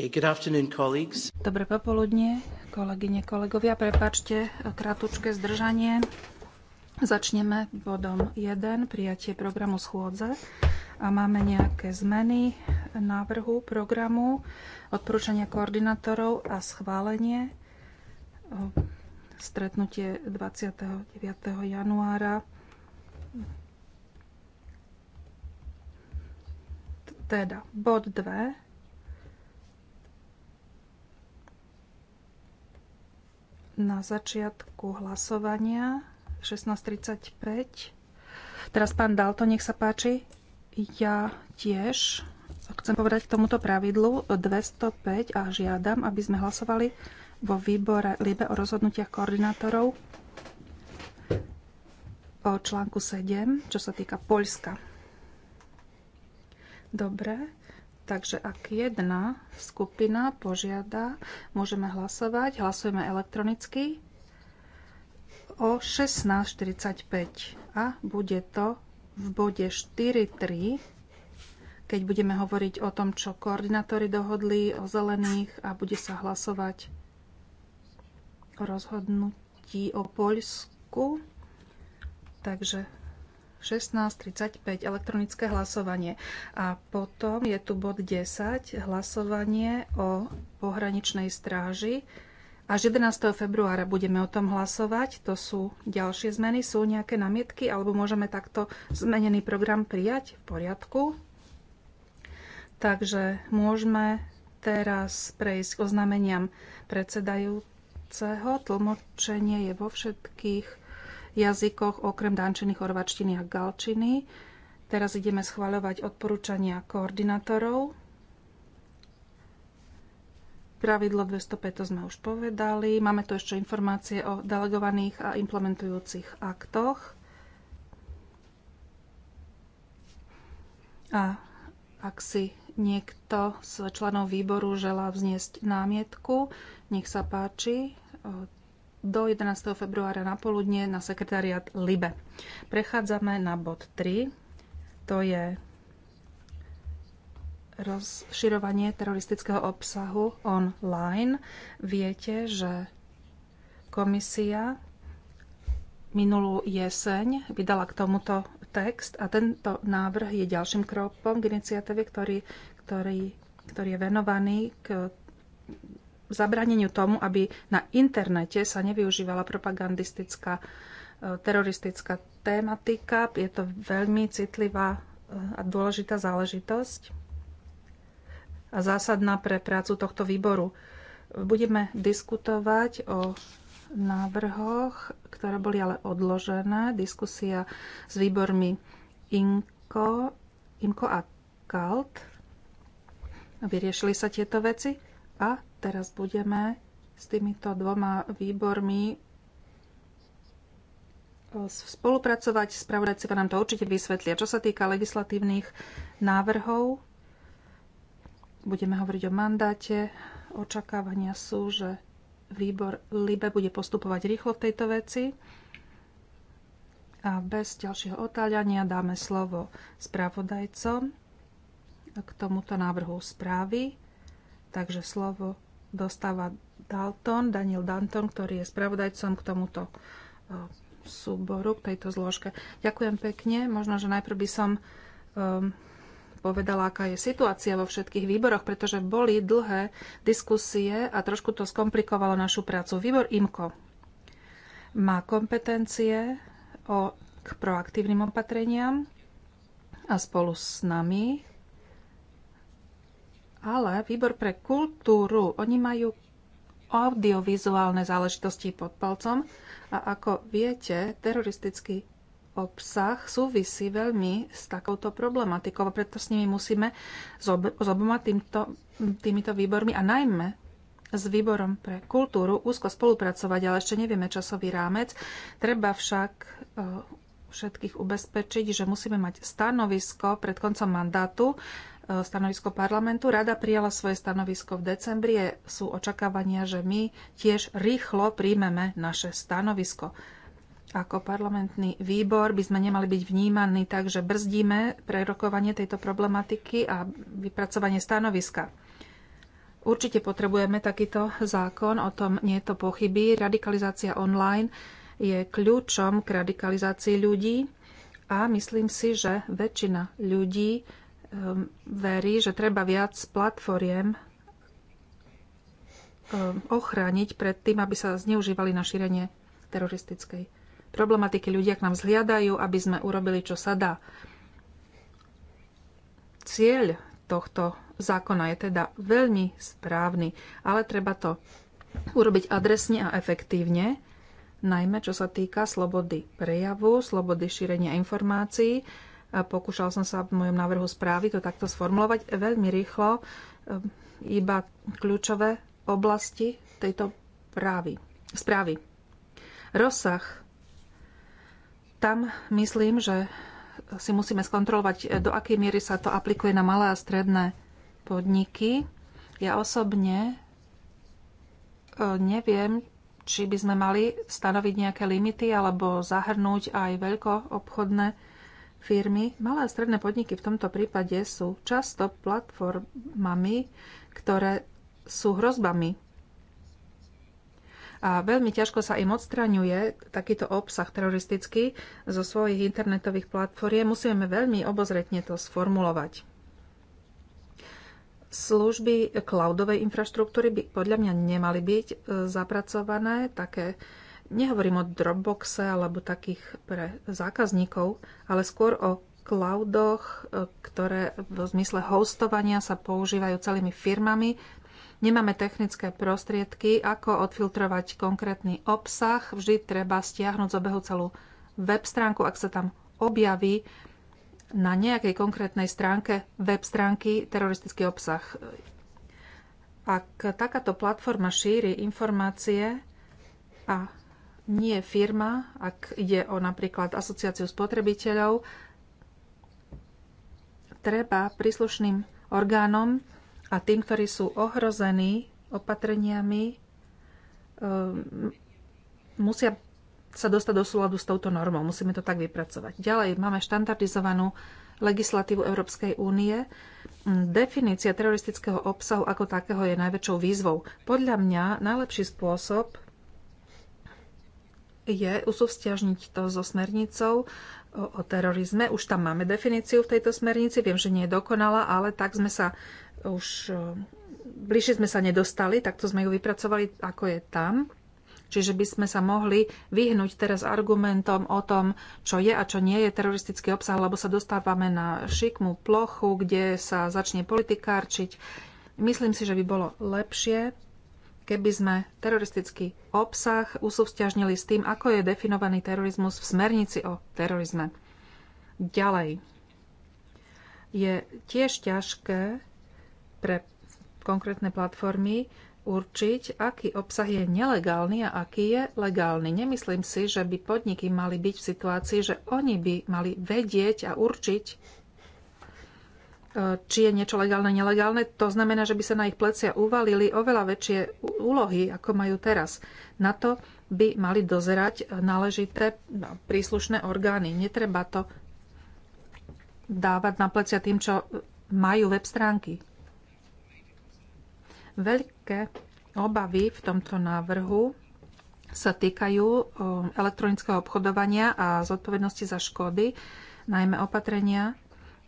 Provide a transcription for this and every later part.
Okay, good afternoon, colleagues. Dobre kolegyne, kolegovia. Prepačte kratučké zdržanie. Začneme bodom 1, prijatie programu schôdze. A máme nejaké zmeny návrhu programu, odporúčania koordinátorov a schválenie. Stretnutie 29. januára teda bod 2 na začiatku hlasovania 16.35. Teraz pán Dalto, nech sa páči. Ja tiež chcem povedať k tomuto pravidlu 205 a žiadam, aby sme hlasovali vo výbore Libe o rozhodnutiach koordinátorov o článku 7, čo sa týka Poľska. Dobre, Takže ak jedna skupina požiada, môžeme hlasovať. Hlasujeme elektronicky o 16.45 a bude to v bode 4.3, keď budeme hovoriť o tom, čo koordinátori dohodli o zelených a bude sa hlasovať o rozhodnutí o Poľsku. Takže 16.35 elektronické hlasovanie. A potom je tu bod 10, hlasovanie o pohraničnej stráži. Až 11. februára budeme o tom hlasovať. To sú ďalšie zmeny. Sú nejaké namietky, alebo môžeme takto zmenený program prijať? V poriadku. Takže môžeme teraz prejsť k oznameniam predsedajúceho. Tlmočenie je vo všetkých jazykoch okrem dančiny, chorvačtiny a galčiny. Teraz ideme schváľovať odporúčania koordinátorov. Pravidlo 205 to sme už povedali. Máme tu ešte informácie o delegovaných a implementujúcich aktoch. A ak si niekto z členov výboru želá vzniesť námietku, nech sa páči, do 11. februára na poludne na sekretariat LIBE. Prechádzame na bod 3. To je rozširovanie teroristického obsahu online. Viete, že komisia minulú jeseň vydala k tomuto text a tento návrh je ďalším krokom k iniciatíve, ktorý, ktorý, ktorý je venovaný k zabraneniu tomu, aby na internete sa nevyužívala propagandistická e, teroristická tematika. Je to veľmi citlivá e, a dôležitá záležitosť a zásadná pre prácu tohto výboru. Budeme diskutovať o návrhoch, ktoré boli ale odložené. Diskusia s výbormi INKO, INKO a KALT. Vyriešili sa tieto veci a teraz budeme s týmito dvoma výbormi e, spolupracovať. Spravodajci nám to určite vysvetlia. Čo sa týka legislatívnych návrhov, budeme hovoriť o mandáte. Očakávania sú, že výbor LIBE bude postupovať rýchlo v tejto veci. A bez ďalšieho otáľania dáme slovo spravodajcom k tomuto návrhu správy. Takže slovo dostáva Dalton, Daniel Danton, ktorý je spravodajcom k tomuto e, súboru, k tejto zložke. Ďakujem pekne. Možno, že najprv by som um, povedala, aká je situácia vo všetkých výboroch, pretože boli dlhé diskusie a trošku to skomplikovalo našu prácu. Výbor IMKO má kompetencie o, k proaktívnym opatreniam a spolu s nami ale výbor pre kultúru, oni majú audiovizuálne záležitosti pod palcom a ako viete, teroristický obsah súvisí veľmi s takouto problematikou a preto s nimi musíme s, s oboma týmto, týmito výbormi a najmä s výborom pre kultúru úzko spolupracovať, ale ešte nevieme časový rámec. Treba však eh, všetkých ubezpečiť, že musíme mať stanovisko pred koncom mandátu stanovisko parlamentu. Rada prijala svoje stanovisko v decembri. Sú očakávania, že my tiež rýchlo príjmeme naše stanovisko. Ako parlamentný výbor by sme nemali byť vnímaní tak, že brzdíme prerokovanie tejto problematiky a vypracovanie stanoviska. Určite potrebujeme takýto zákon, o tom nie je to pochyby. Radikalizácia online je kľúčom k radikalizácii ľudí a myslím si, že väčšina ľudí Um, verí, že treba viac platformiem um, ochrániť pred tým, aby sa zneužívali na šírenie teroristickej problematiky. Ľudia k nám zhliadajú, aby sme urobili, čo sa dá. Cieľ tohto zákona je teda veľmi správny, ale treba to urobiť adresne a efektívne, najmä čo sa týka slobody prejavu, slobody šírenia informácií Pokúšal som sa v mojom návrhu správy to takto sformulovať veľmi rýchlo, ehm, iba kľúčové oblasti tejto právy, správy. Rozsah. Tam myslím, že si musíme skontrolovať, e, do akej miery sa to aplikuje na malé a stredné podniky. Ja osobne e, neviem, či by sme mali stanoviť nejaké limity alebo zahrnúť aj veľko obchodné firmy. Malé a stredné podniky v tomto prípade sú často platformami, ktoré sú hrozbami. A veľmi ťažko sa im odstraňuje takýto obsah teroristický zo svojich internetových platformiem. Musíme veľmi obozretne to sformulovať. Služby cloudovej infraštruktúry by podľa mňa nemali byť e, zapracované, také Nehovorím o Dropboxe alebo takých pre zákazníkov, ale skôr o cloudoch, e, ktoré v zmysle hostovania sa používajú celými firmami. Nemáme technické prostriedky, ako odfiltrovať konkrétny obsah. Vždy treba stiahnuť z obehu celú web stránku, ak sa tam objaví na nejakej konkrétnej stránke web stránky teroristický obsah. Ak takáto platforma šíri informácie a nie firma, ak ide o napríklad asociáciu spotrebiteľov, treba príslušným orgánom a tým, ktorí sú ohrození opatreniami, ehm, musia sa dostať do súladu s touto normou. Musíme to tak vypracovať. Ďalej máme štandardizovanú legislatívu Európskej únie. Definícia teroristického obsahu ako takého je najväčšou výzvou. Podľa mňa najlepší spôsob je usúvzťažniť to so smernicou o, o terorizme. Už tam máme definíciu v tejto smernici, viem, že nie je dokonalá, ale tak sme sa už bližšie sme sa nedostali, takto sme ju vypracovali, ako je tam. Čiže by sme sa mohli vyhnúť teraz argumentom o tom, čo je a čo nie je teroristický obsah, lebo sa dostávame na šikmú plochu, kde sa začne politikárčiť. Myslím si, že by bolo lepšie keby sme teroristický obsah usúvzťažnili s tým, ako je definovaný terorizmus v smernici o terorizme. Ďalej. Je tiež ťažké pre konkrétne platformy určiť, aký obsah je nelegálny a aký je legálny. Nemyslím si, že by podniky mali byť v situácii, že oni by mali vedieť a určiť, či je niečo legálne, nelegálne, to znamená, že by sa na ich plecia uvalili oveľa väčšie úlohy, ako majú teraz. Na to by mali dozerať e, náležité no, príslušné orgány. Netreba to dávať na plecia tým, čo majú web stránky. Veľké obavy v tomto návrhu sa týkajú e, elektronického obchodovania a zodpovednosti za škody, najmä opatrenia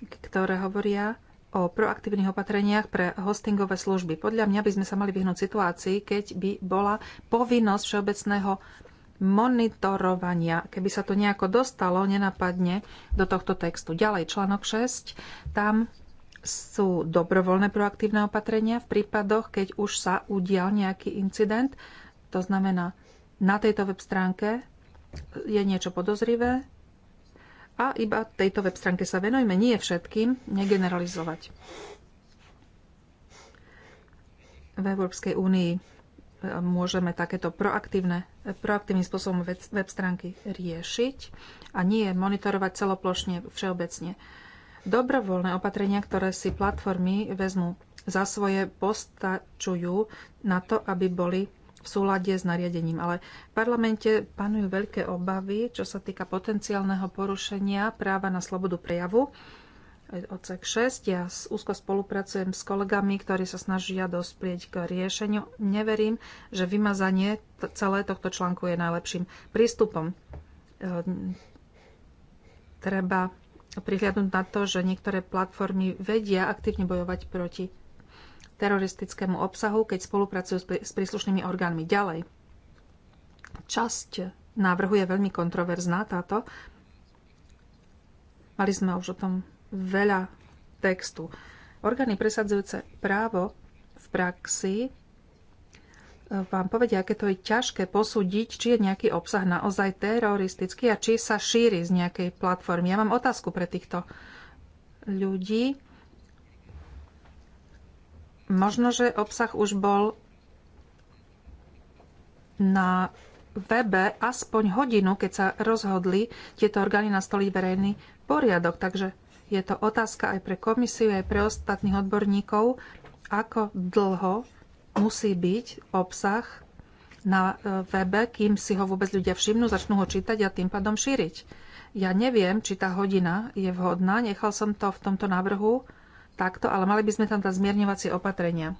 ktoré hovoria o proaktívnych opatreniach pre hostingové služby. Podľa mňa by sme sa mali vyhnúť situácii, keď by bola povinnosť všeobecného monitorovania, keby sa to nejako dostalo nenapadne do tohto textu. Ďalej, článok 6, tam sú dobrovoľné proaktívne opatrenia v prípadoch, keď už sa udial nejaký incident. To znamená, na tejto web stránke je niečo podozrivé, a iba tejto web stránke sa venujme, nie všetkým, negeneralizovať. V Európskej únii e, môžeme takéto proaktívne, proaktívnym spôsobom web stránky riešiť a nie monitorovať celoplošne všeobecne. Dobrovoľné opatrenia, ktoré si platformy vezmú za svoje, postačujú na to, aby boli v súlade s nariadením. Ale v parlamente panujú veľké obavy, čo sa týka potenciálneho porušenia práva na slobodu prejavu. Odsek 6. Ja úzko spolupracujem s kolegami, ktorí sa snažia dospieť k riešeniu. Neverím, že vymazanie celé tohto článku je najlepším prístupom. Ehm, treba prihľadnúť na to, že niektoré platformy vedia aktívne bojovať proti teroristickému obsahu, keď spolupracujú s príslušnými orgánmi. Ďalej, časť návrhu je veľmi kontroverzná táto. Mali sme už o tom veľa textu. Orgány presadzujúce právo v praxi e, vám povedia, aké to je ťažké posúdiť, či je nejaký obsah naozaj teroristický a či sa šíri z nejakej platformy. Ja mám otázku pre týchto ľudí Možno, že obsah už bol na webe aspoň hodinu, keď sa rozhodli tieto orgány nastoliť verejný poriadok. Takže je to otázka aj pre komisiu, aj pre ostatných odborníkov, ako dlho musí byť obsah na e, webe, kým si ho vôbec ľudia všimnú, začnú ho čítať a tým pádom šíriť. Ja neviem, či tá hodina je vhodná. Nechal som to v tomto návrhu takto, ale mali by sme tam dať zmierňovacie opatrenia.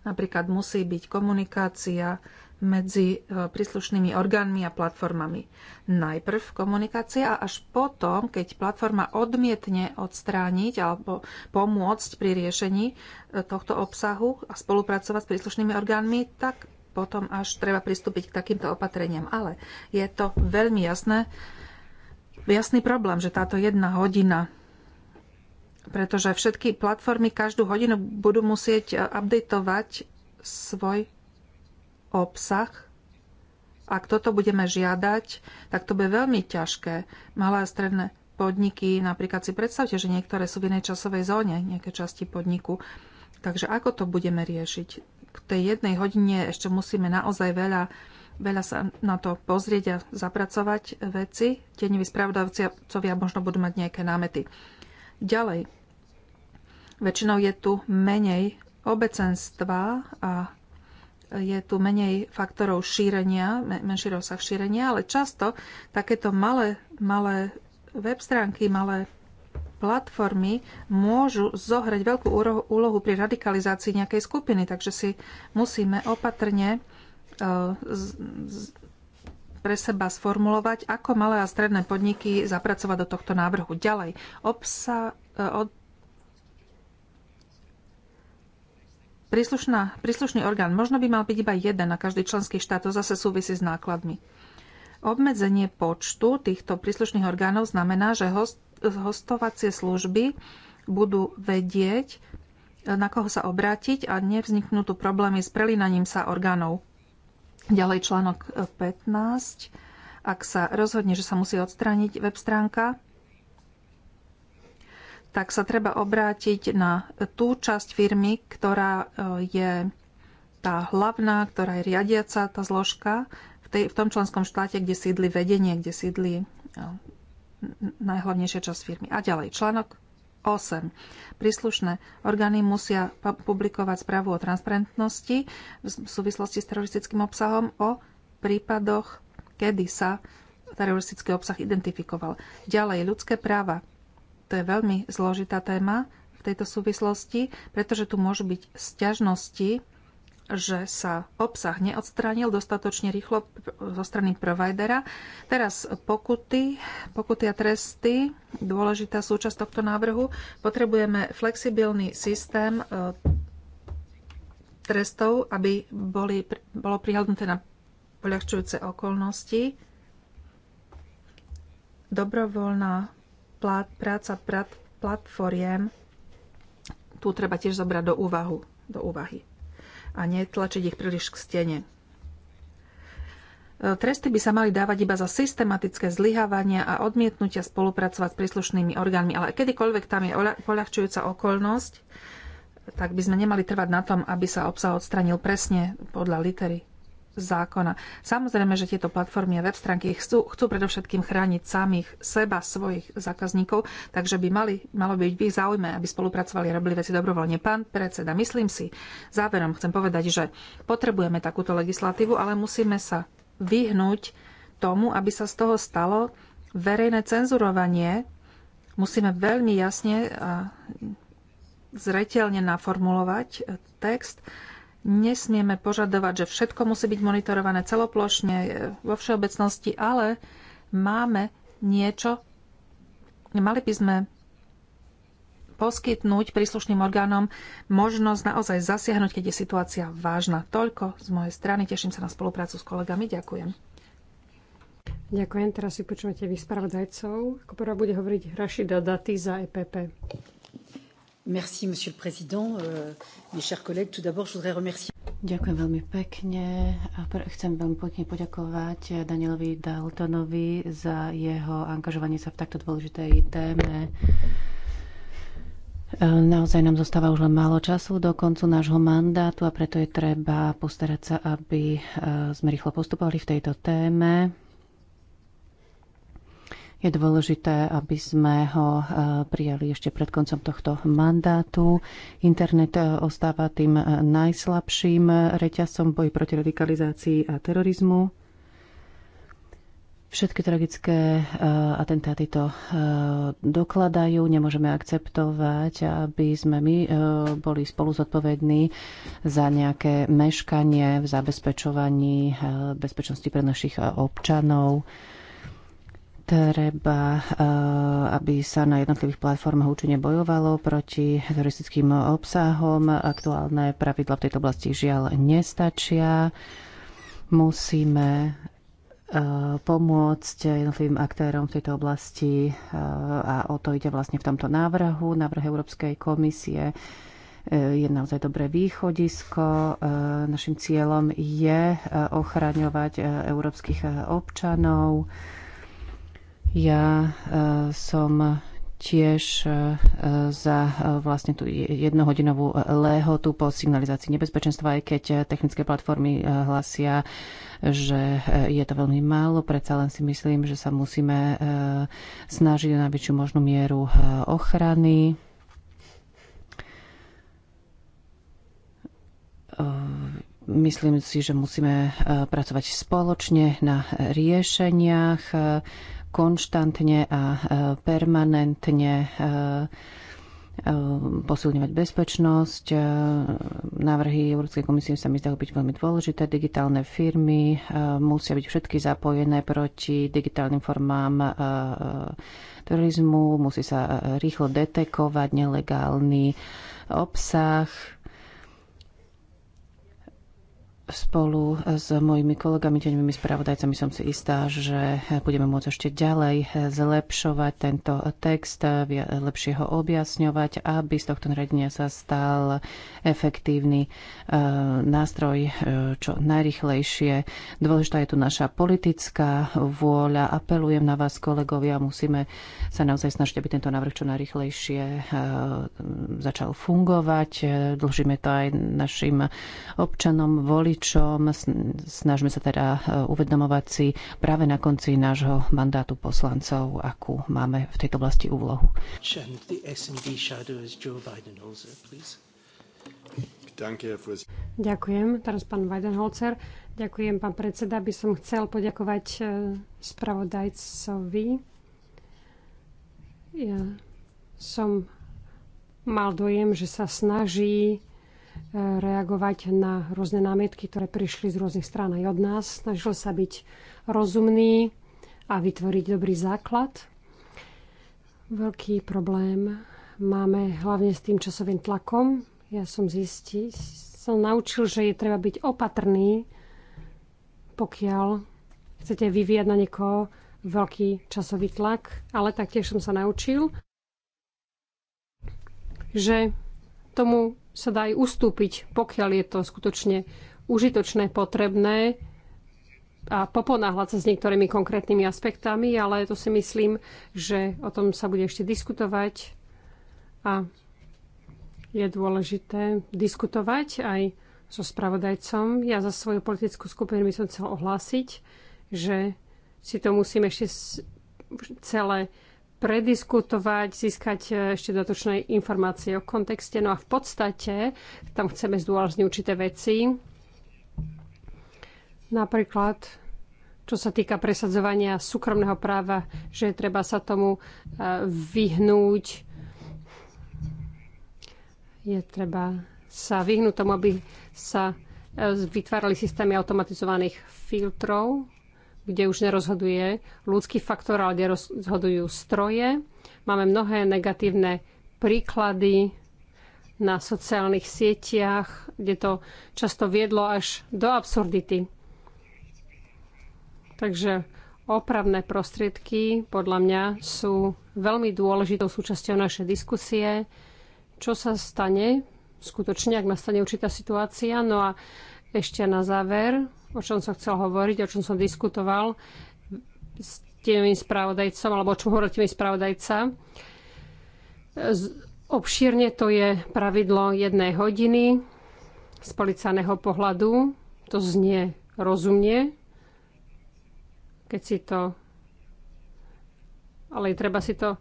Napríklad musí byť komunikácia medzi e, príslušnými orgánmi a platformami. Najprv komunikácia a až potom, keď platforma odmietne odstrániť alebo pomôcť pri riešení e, tohto obsahu a spolupracovať s príslušnými orgánmi, tak potom až treba pristúpiť k takýmto opatreniam. Ale je to veľmi jasné, jasný problém, že táto jedna hodina pretože všetky platformy každú hodinu budú musieť e, updatovať svoj obsah. Ak toto budeme žiadať, tak to bude veľmi ťažké. Malé a stredné podniky, napríklad si predstavte, že niektoré sú v inej časovej zóne, nejaké časti podniku. Takže ako to budeme riešiť? K tej jednej hodine ešte musíme naozaj veľa, veľa sa na to pozrieť a zapracovať veci. Tie nevyspravdavcovia možno budú mať nejaké námety. Ďalej, Väčšinou je tu menej obecenstva a je tu menej faktorov šírenia, menší rozsah šírenia, ale často takéto malé, malé web stránky, malé platformy môžu zohrať veľkú úlohu pri radikalizácii nejakej skupiny, takže si musíme opatrne e, pre seba sformulovať, ako malé a stredné podniky zapracovať do tohto návrhu. Ďalej, obsa, e, od, príslušná, príslušný orgán možno by mal byť iba jeden na každý členský štát, to zase súvisí s nákladmi. Obmedzenie počtu týchto príslušných orgánov znamená, že host, hostovacie služby budú vedieť, na koho sa obrátiť a nevzniknú tu problémy s prelínaním sa orgánov. Ďalej článok 15. E, Ak sa rozhodne, že sa musí odstrániť web stránka, tak sa treba obrátiť na tú časť firmy, ktorá e, je tá hlavná, ktorá je riadiaca, tá zložka v, tej, v tom členskom štáte, kde sídli vedenie, kde sídli e, najhlavnejšia časť firmy. A ďalej, článok 8. Príslušné orgány musia publikovať správu o transparentnosti v súvislosti s teroristickým obsahom o prípadoch, kedy sa teroristický obsah identifikoval. Ďalej, ľudské práva. To je veľmi zložitá téma v tejto súvislosti, pretože tu môžu byť sťažnosti, že sa obsah neodstránil dostatočne rýchlo zo strany providera. Teraz pokuty, pokuty a tresty, dôležitá súčasť tohto návrhu. Potrebujeme flexibilný systém e, trestov, aby boli, bolo prihľadnuté na poľahčujúce okolnosti. Dobrovoľná práca prat, platformiem, tu treba tiež zobrať do, úvahu, do úvahy a netlačiť ich príliš k stene. E, tresty by sa mali dávať iba za systematické zlyhávania a odmietnutia spolupracovať s príslušnými orgánmi, ale kedykoľvek tam je poľahčujúca okolnosť, tak by sme nemali trvať na tom, aby sa obsah odstranil presne podľa litery zákona. Samozrejme, že tieto platformy a web stránky chcú, chcú predovšetkým chrániť samých seba, svojich zákazníkov, takže by mali, malo byť v ich záujme, aby spolupracovali a robili veci dobrovoľne. Pán predseda, myslím si, záverom chcem povedať, že potrebujeme takúto legislatívu, ale musíme sa vyhnúť tomu, aby sa z toho stalo verejné cenzurovanie. Musíme veľmi jasne a zretelne naformulovať text, Nesmieme požadovať, že všetko musí byť monitorované celoplošne e, vo všeobecnosti, ale máme niečo, mali by sme poskytnúť príslušným orgánom možnosť naozaj zasiahnuť, keď je situácia vážna. Toľko z mojej strany. Teším sa na spoluprácu s kolegami. Ďakujem. Ďakujem. Teraz si počúvate vyspravodajcov. Ako prvá bude hovoriť Rašida Daty za EPP. Merci, monsieur le président. Euh, mes chers collègues, tout d'abord, je voudrais remercier Ďakujem veľmi pekne a chcem veľmi pekne poďakovať eh, Danielovi Daltonovi za jeho angažovanie sa v takto dôležitej téme. Eh, naozaj nám zostáva už len málo času do koncu nášho mandátu a preto je treba postarať sa, aby eh, sme rýchlo postupovali v tejto téme. Je dôležité, aby sme ho e, prijali ešte pred koncom tohto mandátu. Internet e, ostáva tým e, najslabším v boji proti radikalizácii a terorizmu. Všetky tragické atentáty to dokladajú. Nemôžeme akceptovať, aby sme my boli spolu zodpovední za nejaké meškanie v zabezpečovaní bezpečnosti pre našich občanov treba, eh, aby sa na jednotlivých platformách účinne bojovalo proti teroristickým obsahom. Aktuálne pravidla v tejto oblasti žiaľ nestačia. Musíme eh, pomôcť jednotlivým aktérom v tejto oblasti eh, a o to ide vlastne v tomto návrhu, návrh Európskej komisie je naozaj dobré východisko. Našim cieľom je ochraňovať európskych občanov ja eh, som tiež eh, za eh, vlastne tú jednohodinovú lehotu po signalizácii nebezpečenstva, aj keď technické platformy hlasia, že je to veľmi málo. Predsa len si myslím, že sa musíme snažiť o najväčšiu možnú mieru ochrany. Myslím si, že musíme pracovať spoločne na riešeniach konštantne a e, permanentne e, e, posilňovať bezpečnosť. Návrhy Európskej komisie sa mi zdajú byť veľmi dôležité. Digitálne firmy musia byť všetky zapojené proti digitálnym formám terorizmu. Musí sa rýchlo detekovať nelegálny obsah Spolu s mojimi kolegami, teňovými spravodajcami som si istá, že budeme môcť ešte ďalej zlepšovať tento text, lepšie ho objasňovať, aby z tohto nariadenia sa stal efektívny e, nástroj e, čo najrychlejšie. Dôležitá je tu naša politická vôľa. Apelujem na vás, kolegovia, musíme sa naozaj snažiť, aby tento návrh čo najrychlejšie e, začal fungovať. Dlžíme to aj našim občanom, voliť rodičom. Snažme sa teda eh, uvedomovať si práve na konci nášho mandátu poslancov, akú máme v tejto oblasti úlohu. Ďakujem. Teraz pán Weidenholzer. Ďakujem, pán predseda. By som chcel poďakovať eh, spravodajcovi. Ja som mal dojem, že sa snaží reagovať na rôzne námietky, ktoré prišli z rôznych strán aj od nás. Snažil sa byť rozumný a vytvoriť dobrý základ. Veľký problém máme hlavne s tým časovým tlakom. Ja som zistil, som naučil, že je treba byť opatrný, pokiaľ chcete vyvíjať na niekoho veľký časový tlak, ale taktiež som sa naučil, že tomu sa dá aj ustúpiť, pokiaľ je to skutočne užitočné, potrebné a poponáhľať sa s niektorými konkrétnymi aspektami, ale to si myslím, že o tom sa bude ešte diskutovať a je dôležité diskutovať aj so spravodajcom. Ja za svoju politickú skupinu by som chcel ohlásiť, že si to musím ešte celé prediskutovať, získať e, ešte dodatočné informácie o kontexte. No a v podstate tam chceme zdôrazniť určité veci. Napríklad, čo sa týka presadzovania súkromného práva, že treba sa tomu e, vyhnúť. Je treba sa vyhnúť tomu, aby sa e, vytvárali systémy automatizovaných filtrov kde už nerozhoduje ľudský faktor, ale kde rozhodujú stroje. Máme mnohé negatívne príklady na sociálnych sieťach, kde to často viedlo až do absurdity. Takže opravné prostriedky podľa mňa sú veľmi dôležitou súčasťou našej diskusie. Čo sa stane skutočne, ak nastane určitá situácia? No a ešte na záver o čom som chcel hovoriť, o čom som diskutoval s tým spravodajcom, alebo o čom hovoril tým spravodajca. Obšírne to je pravidlo jednej hodiny z policajného pohľadu. To znie rozumne, keď si to... Ale treba si to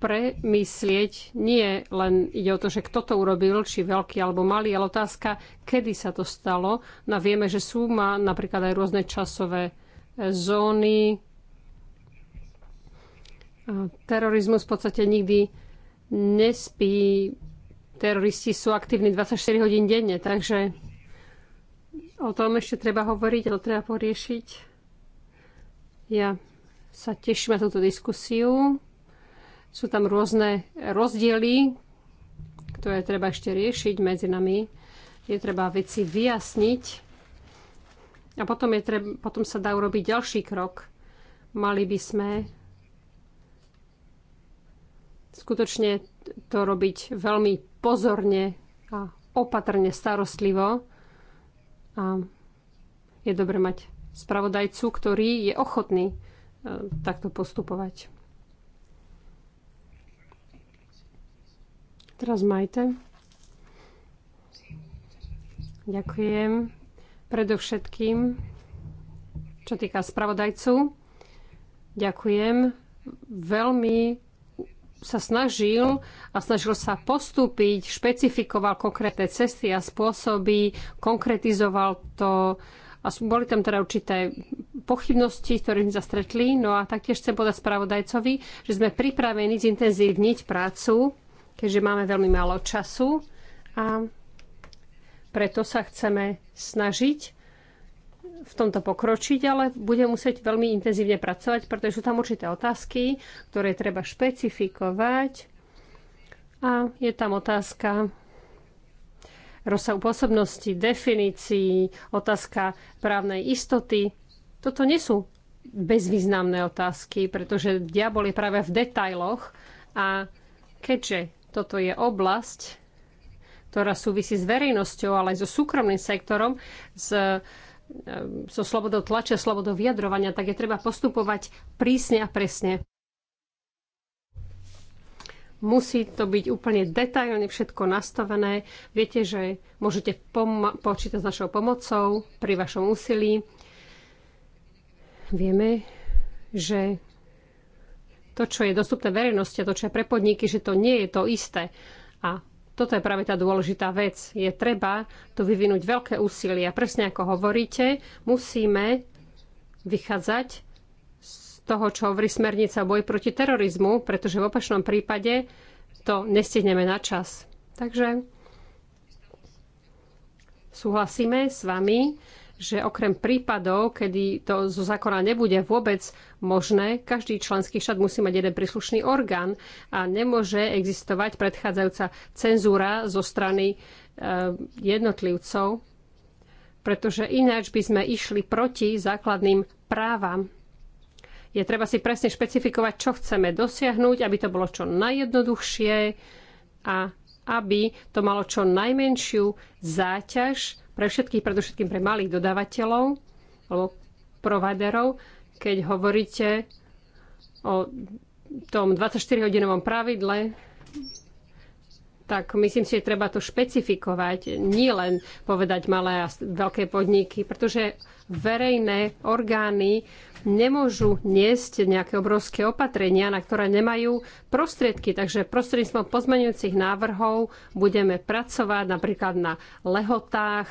premyslieť. Nie len ide o to, že kto to urobil, či veľký alebo malý, ale otázka, kedy sa to stalo. No vieme, že sú má napríklad aj rôzne časové e, zóny. Terorizmus v podstate nikdy nespí. Teroristi sú aktívni 24 hodín denne, takže o tom ešte treba hovoriť, to treba poriešiť. Ja sa teším na túto diskusiu. Sú tam rôzne rozdiely, ktoré treba ešte riešiť medzi nami. Je treba veci vyjasniť a potom, je treba, potom sa dá urobiť ďalší krok. Mali by sme skutočne to robiť veľmi pozorne a opatrne, starostlivo. A je dobre mať spravodajcu, ktorý je ochotný e, takto postupovať. Teraz majte. Ďakujem. Predovšetkým, čo týka spravodajcu, ďakujem. Veľmi sa snažil a snažil sa postúpiť, špecifikoval konkrétne cesty a spôsoby, konkretizoval to a boli tam teda určité pochybnosti, ktoré sme zastretli. stretli. No a taktiež chcem povedať spravodajcovi, že sme pripravení zintenzívniť prácu keďže máme veľmi málo času a preto sa chceme snažiť v tomto pokročiť, ale bude musieť veľmi intenzívne pracovať, pretože sú tam určité otázky, ktoré treba špecifikovať a je tam otázka rozsahu pôsobnosti, definícií, otázka právnej istoty. Toto nie sú bezvýznamné otázky, pretože diabol je práve v detailoch a keďže toto je oblasť, ktorá súvisí s verejnosťou, ale aj so súkromným sektorom, s, e, so slobodou tlače, slobodou vyjadrovania, tak je treba postupovať prísne a presne. Musí to byť úplne detailne všetko nastavené. Viete, že môžete počítať s našou pomocou pri vašom úsilí. Vieme, že to, čo je dostupné verejnosti a to, čo je pre podniky, že to nie je to isté. A toto je práve tá dôležitá vec. Je treba tu vyvinúť veľké úsilie. A presne ako hovoríte, musíme vychádzať z toho, čo hovorí smernica boj proti terorizmu, pretože v opačnom prípade to nestihneme na čas. Takže súhlasíme s vami, že okrem prípadov, kedy to zo zákona nebude vôbec možné, každý členský štát musí mať jeden príslušný orgán a nemôže existovať predchádzajúca cenzúra zo strany e, jednotlivcov, pretože ináč by sme išli proti základným právam. Je treba si presne špecifikovať, čo chceme dosiahnuť, aby to bolo čo najjednoduchšie a aby to malo čo najmenšiu záťaž pre všetkých, predovšetkým pre malých dodávateľov alebo providerov, keď hovoríte o tom 24-hodinovom pravidle tak myslím si, že treba to špecifikovať, nielen povedať malé a veľké podniky, pretože verejné orgány nemôžu niesť nejaké obrovské opatrenia, na ktoré nemajú prostriedky. Takže prostredníctvom pozmeňujúcich návrhov budeme pracovať napríklad na lehotách,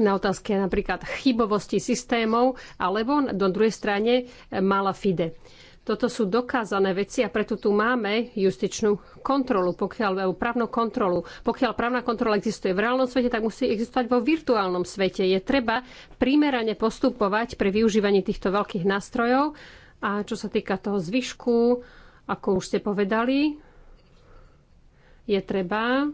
na otázke napríklad chybovosti systémov, alebo do druhej strane mala FIDE. Toto sú dokázané veci a preto tu máme justičnú kontrolu, pokiaľ, právnu kontrolu. Pokiaľ právna kontrola existuje v reálnom svete, tak musí existovať vo virtuálnom svete. Je treba primerane postupovať pre využívaní týchto veľkých nástrojov. A čo sa týka toho zvyšku, ako už ste povedali, je treba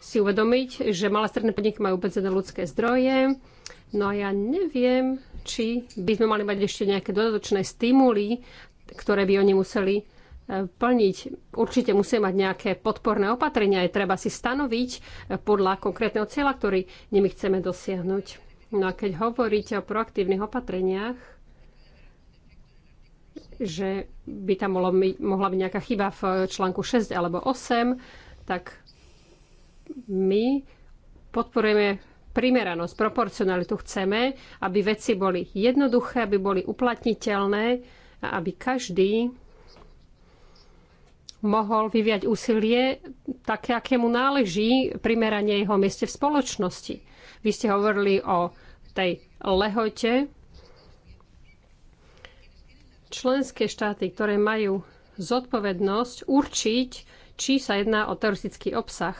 si uvedomiť, že malé stredné podniky majú obmedzené ľudské zdroje. No a ja neviem, či by sme mali mať ešte nejaké dodatočné stimuly, ktoré by oni museli e, plniť. Určite musia mať nejaké podporné opatrenia, je treba si stanoviť e, podľa konkrétneho cieľa, ktorý nimi chceme dosiahnuť. No a keď hovoríte o proaktívnych opatreniach, že by tam byť, mohla byť nejaká chyba v článku 6 alebo 8, tak my podporujeme primeranosť, proporcionalitu. Chceme, aby veci boli jednoduché, aby boli uplatniteľné a aby každý mohol vyviať úsilie také, aké mu náleží primeranie jeho mieste v spoločnosti. Vy ste hovorili o tej lehote. Členské štáty, ktoré majú zodpovednosť určiť, či sa jedná o teroristický obsah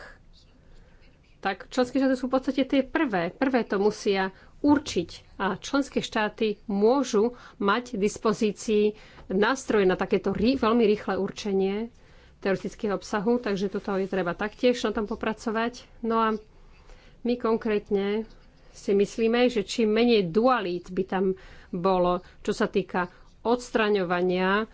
tak členské štáty sú v podstate tie prvé. Prvé to musia určiť a členské štáty môžu mať v dispozícii nástroj na takéto rý, veľmi rýchle určenie teroristického obsahu, takže toto je treba taktiež na tom popracovať. No a my konkrétne si myslíme, že čím menej dualít by tam bolo, čo sa týka odstraňovania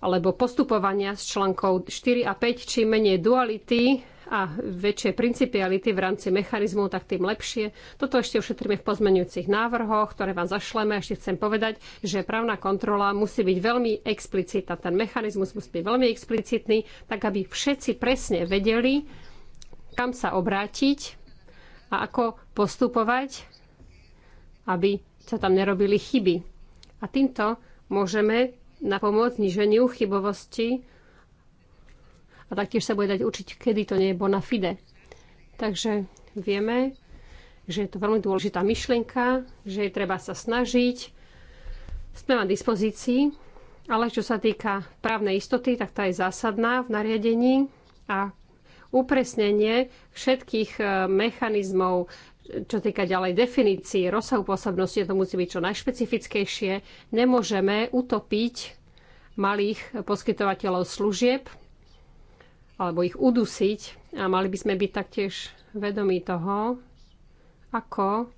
alebo postupovania z článkou 4 a 5, čím menej duality, a väčšie principiality v rámci mechanizmu, tak tým lepšie. Toto ešte ušetríme v pozmenujúcich návrhoch, ktoré vám zašleme. Ešte chcem povedať, že právna kontrola musí byť veľmi explicitná. Ten mechanizmus musí byť veľmi explicitný, tak aby všetci presne vedeli, kam sa obrátiť a ako postupovať, aby sa tam nerobili chyby. A týmto môžeme napomôcť zniženiu chybovosti a taktiež sa bude dať určiť, kedy to nie je bona fide. Takže vieme, že je to veľmi dôležitá myšlienka, že je treba sa snažiť. Sme na dispozícii, ale čo sa týka právnej istoty, tak tá je zásadná v nariadení a upresnenie všetkých e, mechanizmov, čo týka ďalej definícií, rozsahu pôsobnosti, to musí byť čo najšpecifickejšie. Nemôžeme utopiť malých poskytovateľov služieb, alebo ich udusiť a mali by sme byť taktiež vedomí toho, ako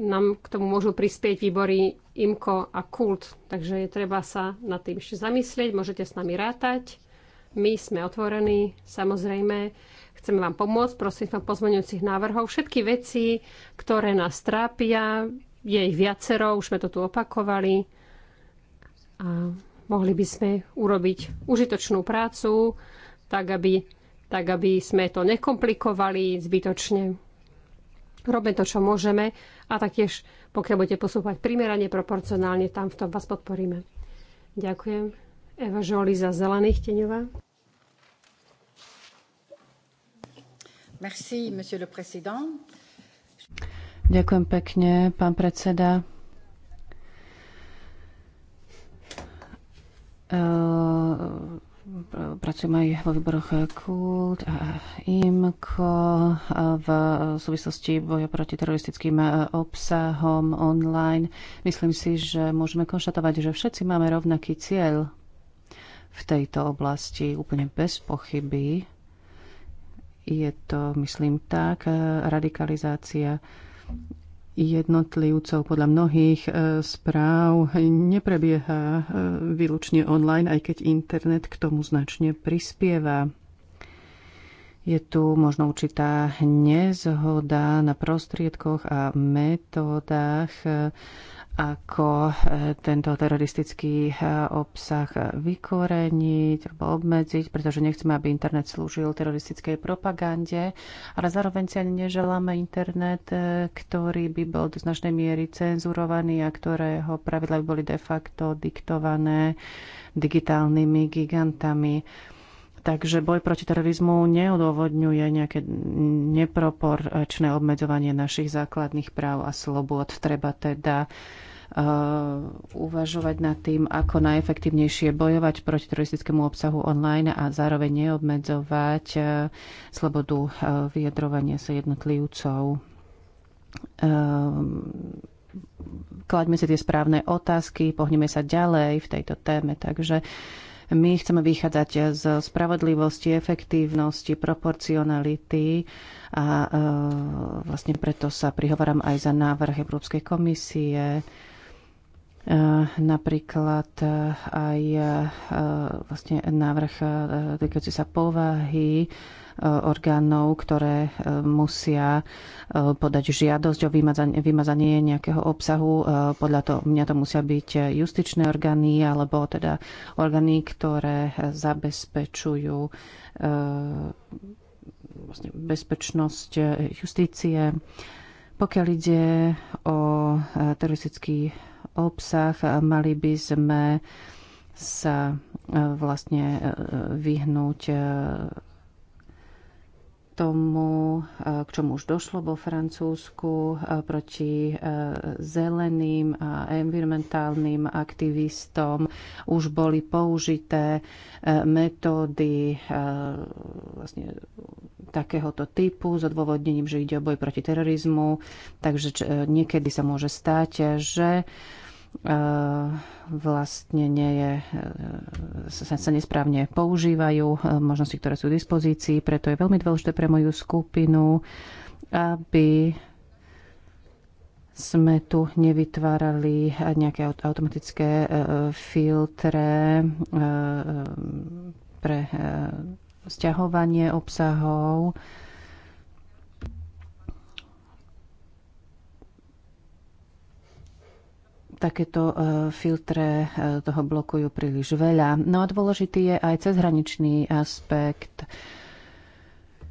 nám k tomu môžu prispieť výbory IMKO a KULT. Takže je treba sa nad tým ešte zamyslieť, môžete s nami rátať. My sme otvorení, samozrejme, chceme vám pomôcť prostredníctvom pozmeňujúcich návrhov. Všetky veci, ktoré nás trápia, je ich viacero, už sme to tu opakovali. A mohli by sme urobiť užitočnú prácu, tak aby, tak aby sme to nekomplikovali zbytočne. Robme to, čo môžeme a taktiež, pokiaľ budete posúvať primerane, proporcionálne, tam v tom vás podporíme. Ďakujem. Eva Žoli za zelených teňová. Merci, monsieur le président. Ďakujem pekne, pán predseda. Uh, Pracujem aj vo výboroch KULT a IMKO v súvislosti boja proti teroristickým obsahom online. Myslím si, že môžeme konštatovať, že všetci máme rovnaký cieľ v tejto oblasti úplne bez pochyby. Je to, myslím tak, radikalizácia jednotlivcov podľa mnohých e, správ neprebieha e, výlučne online, aj keď internet k tomu značne prispieva. Je tu možno určitá nezhoda na prostriedkoch a metódach, eh, ako eh, tento teroristický eh, obsah vykoreniť alebo obmedziť, pretože nechceme, aby internet slúžil teroristickej propagande, ale zároveň si ani neželáme internet, ktorý by bol do značnej miery cenzurovaný a ktorého pravidla by boli de facto diktované digitálnymi gigantami. Takže boj proti terorizmu neodôvodňuje nejaké neproporčné obmedzovanie našich základných práv a slobod. Treba teda e, uvažovať nad tým, ako najefektívnejšie bojovať proti teroristickému obsahu online a zároveň neobmedzovať e, slobodu e, vyjadrovania sa jednotlivcov. Klaďme si tie správne otázky, pohneme sa ďalej v tejto téme. Takže my chceme vychádzať z spravodlivosti, efektívnosti, proporcionality a e, vlastne preto sa prihovorám aj za návrh Európskej komisie, e, napríklad e, aj vlastne návrh týkajúci sa povahy orgánov, ktoré e, musia e, podať žiadosť o vymazanie, vymazanie nejakého obsahu. E, podľa toho mňa to musia byť justičné orgány alebo teda orgány, ktoré zabezpečujú vlastne bezpečnosť justície. Pokiaľ ide o teroristický obsah, mali by sme sa vlastne vyhnúť tomu, eh, k čomu už došlo vo Francúzsku eh, proti eh, zeleným a environmentálnym aktivistom. Už boli použité metódy vlastne takéhoto typu s odôvodnením, že ide o boj proti terorizmu. Takže niekedy sa môže stať, že Eh, vlastne nie je, eh, sa, sa nesprávne používajú eh, možnosti, ktoré sú v dispozícii. Preto je veľmi dôležité pre moju skupinu, aby sme tu nevytvárali nejaké automatické filtre pre sťahovanie obsahov, takéto e, filtre e, toho blokujú príliš veľa. No a dôležitý je aj cezhraničný aspekt.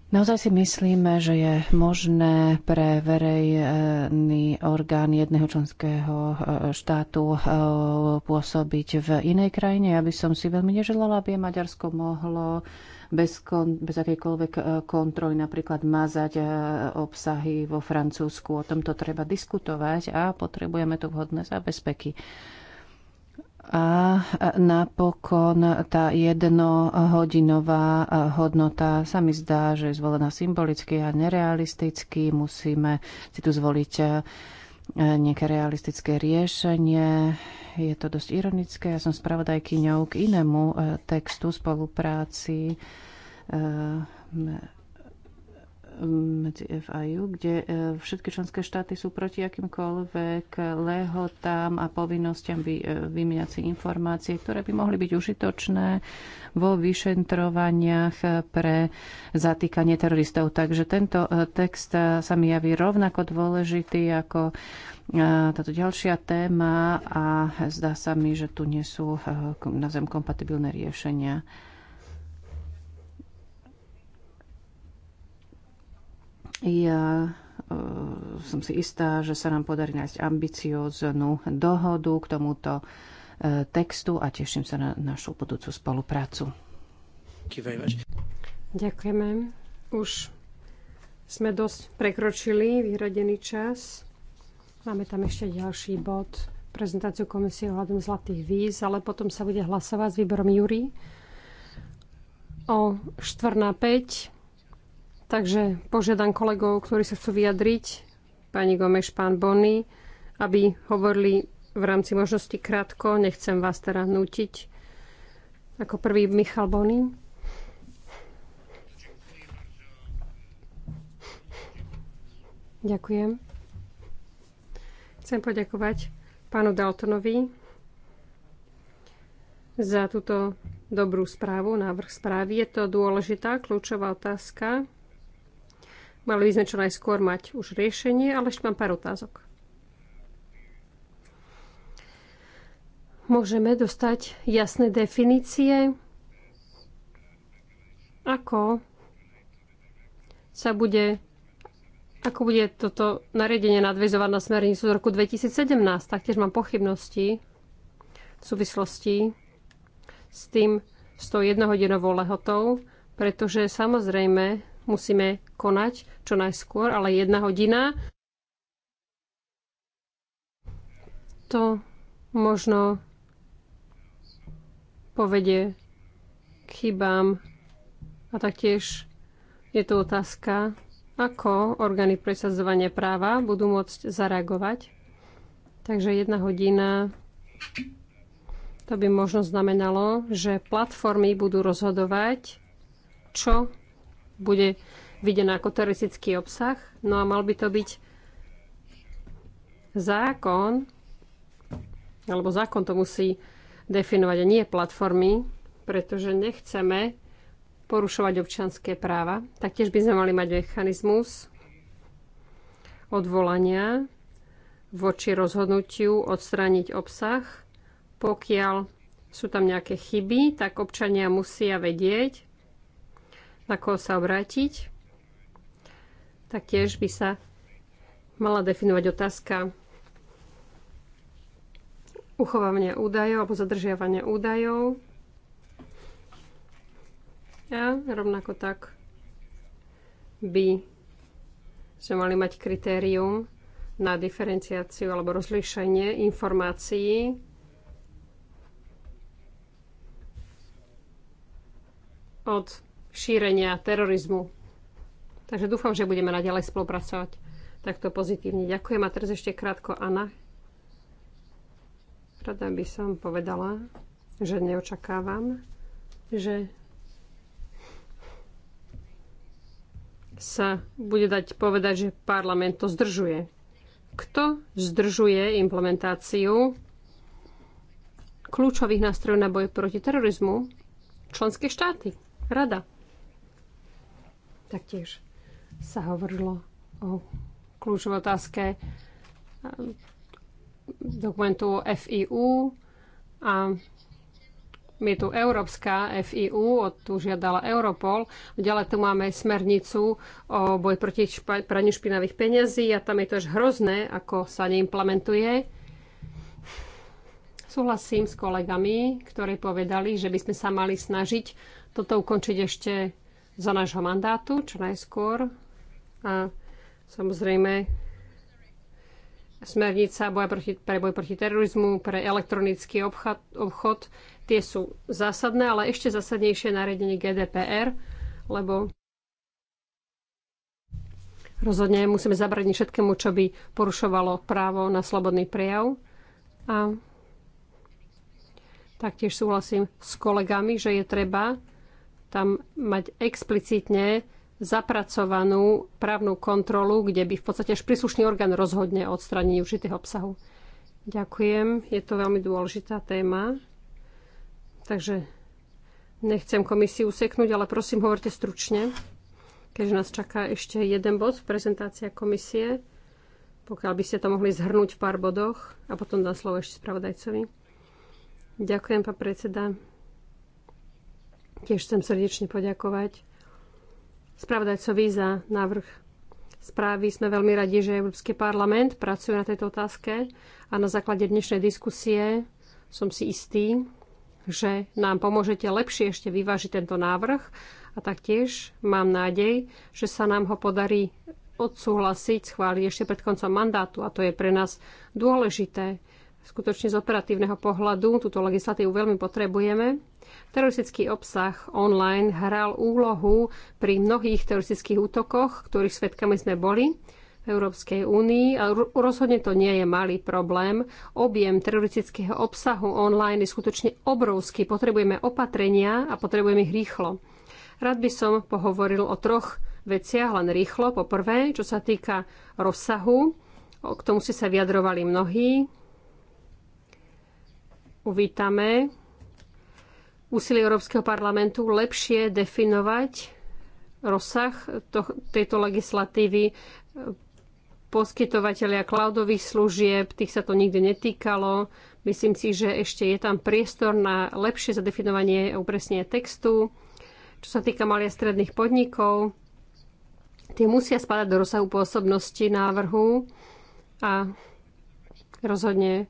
Naozaj si myslíme, že je možné pre verejný orgán jedného členského e, štátu pôsobiť v inej krajine. Ja by som si veľmi neželala, aby Maďarsko mohlo bez, kon, bez akejkoľvek e, kontroly, napríklad mazať e, obsahy vo Francúzsku. O tomto treba diskutovať a potrebujeme tu vhodné zabezpeky. A napokon tá jednohodinová e, hodnota sa mi zdá, že je zvolená symbolicky a nerealisticky. Musíme si tu zvoliť E, nejaké realistické riešenie. Je to dosť ironické. Ja som spravodajkyňou k inému e, textu spolupráci e, medzi FIU, kde e, všetky členské štáty sú proti akýmkoľvek lehotám a povinnostiam vy, e, vymieňať si informácie, ktoré by mohli byť užitočné vo vyšetrovaniach e, pre zatýkanie teroristov. Takže tento text sa mi javí rovnako dôležitý ako táto ďalšia téma a zdá sa mi, že tu nie sú navzájom kompatibilné riešenia. Ja e, som si istá, že sa nám podarí nájsť ambicióznu dohodu k tomuto e, textu a teším sa na našu budúcu spoluprácu. Ďakujeme. Už sme dosť prekročili vyhradený čas. Máme tam ešte ďalší bod, prezentáciu komisie ohľadom zlatých víz, ale potom sa bude hlasovať s výborom Júri o 4 na 5 Takže požiadam kolegov, ktorí sa chcú vyjadriť, pani Gomeš, pán Bonny, aby hovorili v rámci možnosti krátko. Nechcem vás teraz nútiť. Ako prvý Michal Bonny. Ďakujem. Chcem poďakovať pánu Daltonovi za túto dobrú správu, návrh správy. Je to dôležitá, kľúčová otázka. Mali by sme čo najskôr mať už riešenie, ale ešte mám pár otázok. Môžeme dostať jasné definície, ako sa bude ako bude toto nariadenie nadväzovať na smernicu z roku 2017? Taktiež mám pochybnosti v súvislosti s tým 101-hodinovou lehotou, pretože samozrejme musíme konať čo najskôr, ale jedna hodina. To možno povede k chybám a taktiež je tu otázka, ako orgány presadzovania práva budú môcť zareagovať. Takže jedna hodina to by možno znamenalo, že platformy budú rozhodovať, čo bude videná ako teroristický obsah. No a mal by to byť zákon, alebo zákon to musí definovať a nie platformy, pretože nechceme porušovať občanské práva. Taktiež by sme mali mať mechanizmus odvolania voči rozhodnutiu odstrániť obsah. Pokiaľ sú tam nejaké chyby, tak občania musia vedieť, na koho sa obrátiť. Taktiež by sa mala definovať otázka uchovávania údajov alebo zadržiavania údajov. A rovnako tak by sme mali mať kritérium na diferenciáciu alebo rozlíšenie informácií. od šírenia terorizmu. Takže dúfam, že budeme naďalej spolupracovať takto pozitívne. Ďakujem. A teraz ešte krátko Anna. Rada by som povedala, že neočakávam, že sa bude dať povedať, že parlament to zdržuje. Kto zdržuje implementáciu kľúčových nástrojov na boj proti terorizmu? Členské štáty. Rada. Taktiež sa hovorilo o kľúčovej otázke eh, dokumentu FIU a je tu Európska FIU, tu žiadala Europol. Ďalej tu máme smernicu o boj proti špa- praniu špinavých peňazí a tam je to až hrozné, ako sa neimplementuje. Súhlasím s kolegami, ktorí povedali, že by sme sa mali snažiť toto ukončiť ešte za nášho mandátu, čo najskôr. A samozrejme, smernica boja proti, pre boj proti terorizmu, pre elektronický obchod, obchod, tie sú zásadné, ale ešte zásadnejšie nariadenie GDPR, lebo rozhodne musíme zabrať všetkému, čo by porušovalo právo na slobodný prejav. A taktiež súhlasím s kolegami, že je treba tam mať explicitne zapracovanú právnu kontrolu, kde by v podstate až príslušný orgán rozhodne o odstranení užitého obsahu. Ďakujem, je to veľmi dôležitá téma. Takže nechcem komisiu useknúť, ale prosím, hovorte stručne, keďže nás čaká ešte jeden bod, prezentácia komisie, pokiaľ by ste to mohli zhrnúť v pár bodoch a potom dám slovo ešte spravodajcovi. Ďakujem, pán predseda. Tiež chcem srdečne poďakovať spravodajcovi za návrh správy. Sme veľmi radi, že Európsky parlament pracuje na tejto otázke a na základe dnešnej diskusie som si istý, že nám pomôžete lepšie ešte vyvážiť tento návrh a taktiež mám nádej, že sa nám ho podarí odsúhlasiť, schváliť ešte pred koncom mandátu a to je pre nás dôležité, skutočne z operatívneho pohľadu túto legislatívu veľmi potrebujeme. Teroristický obsah online hral úlohu pri mnohých teroristických útokoch, ktorých svetkami sme boli v Európskej únii a rozhodne to nie je malý problém. Objem teroristického obsahu online je skutočne obrovský. Potrebujeme opatrenia a potrebujeme ich rýchlo. Rád by som pohovoril o troch veciach, len rýchlo. Po prvé, čo sa týka rozsahu, k tomu ste sa vyjadrovali mnohí uvítame úsilie Európskeho parlamentu lepšie definovať rozsah tejto legislatívy poskytovateľia cloudových služieb, tých sa to nikdy netýkalo. Myslím si, že ešte je tam priestor na lepšie zadefinovanie a upresnenie textu. Čo sa týka malých stredných podnikov, tie musia spadať do rozsahu pôsobnosti návrhu a rozhodne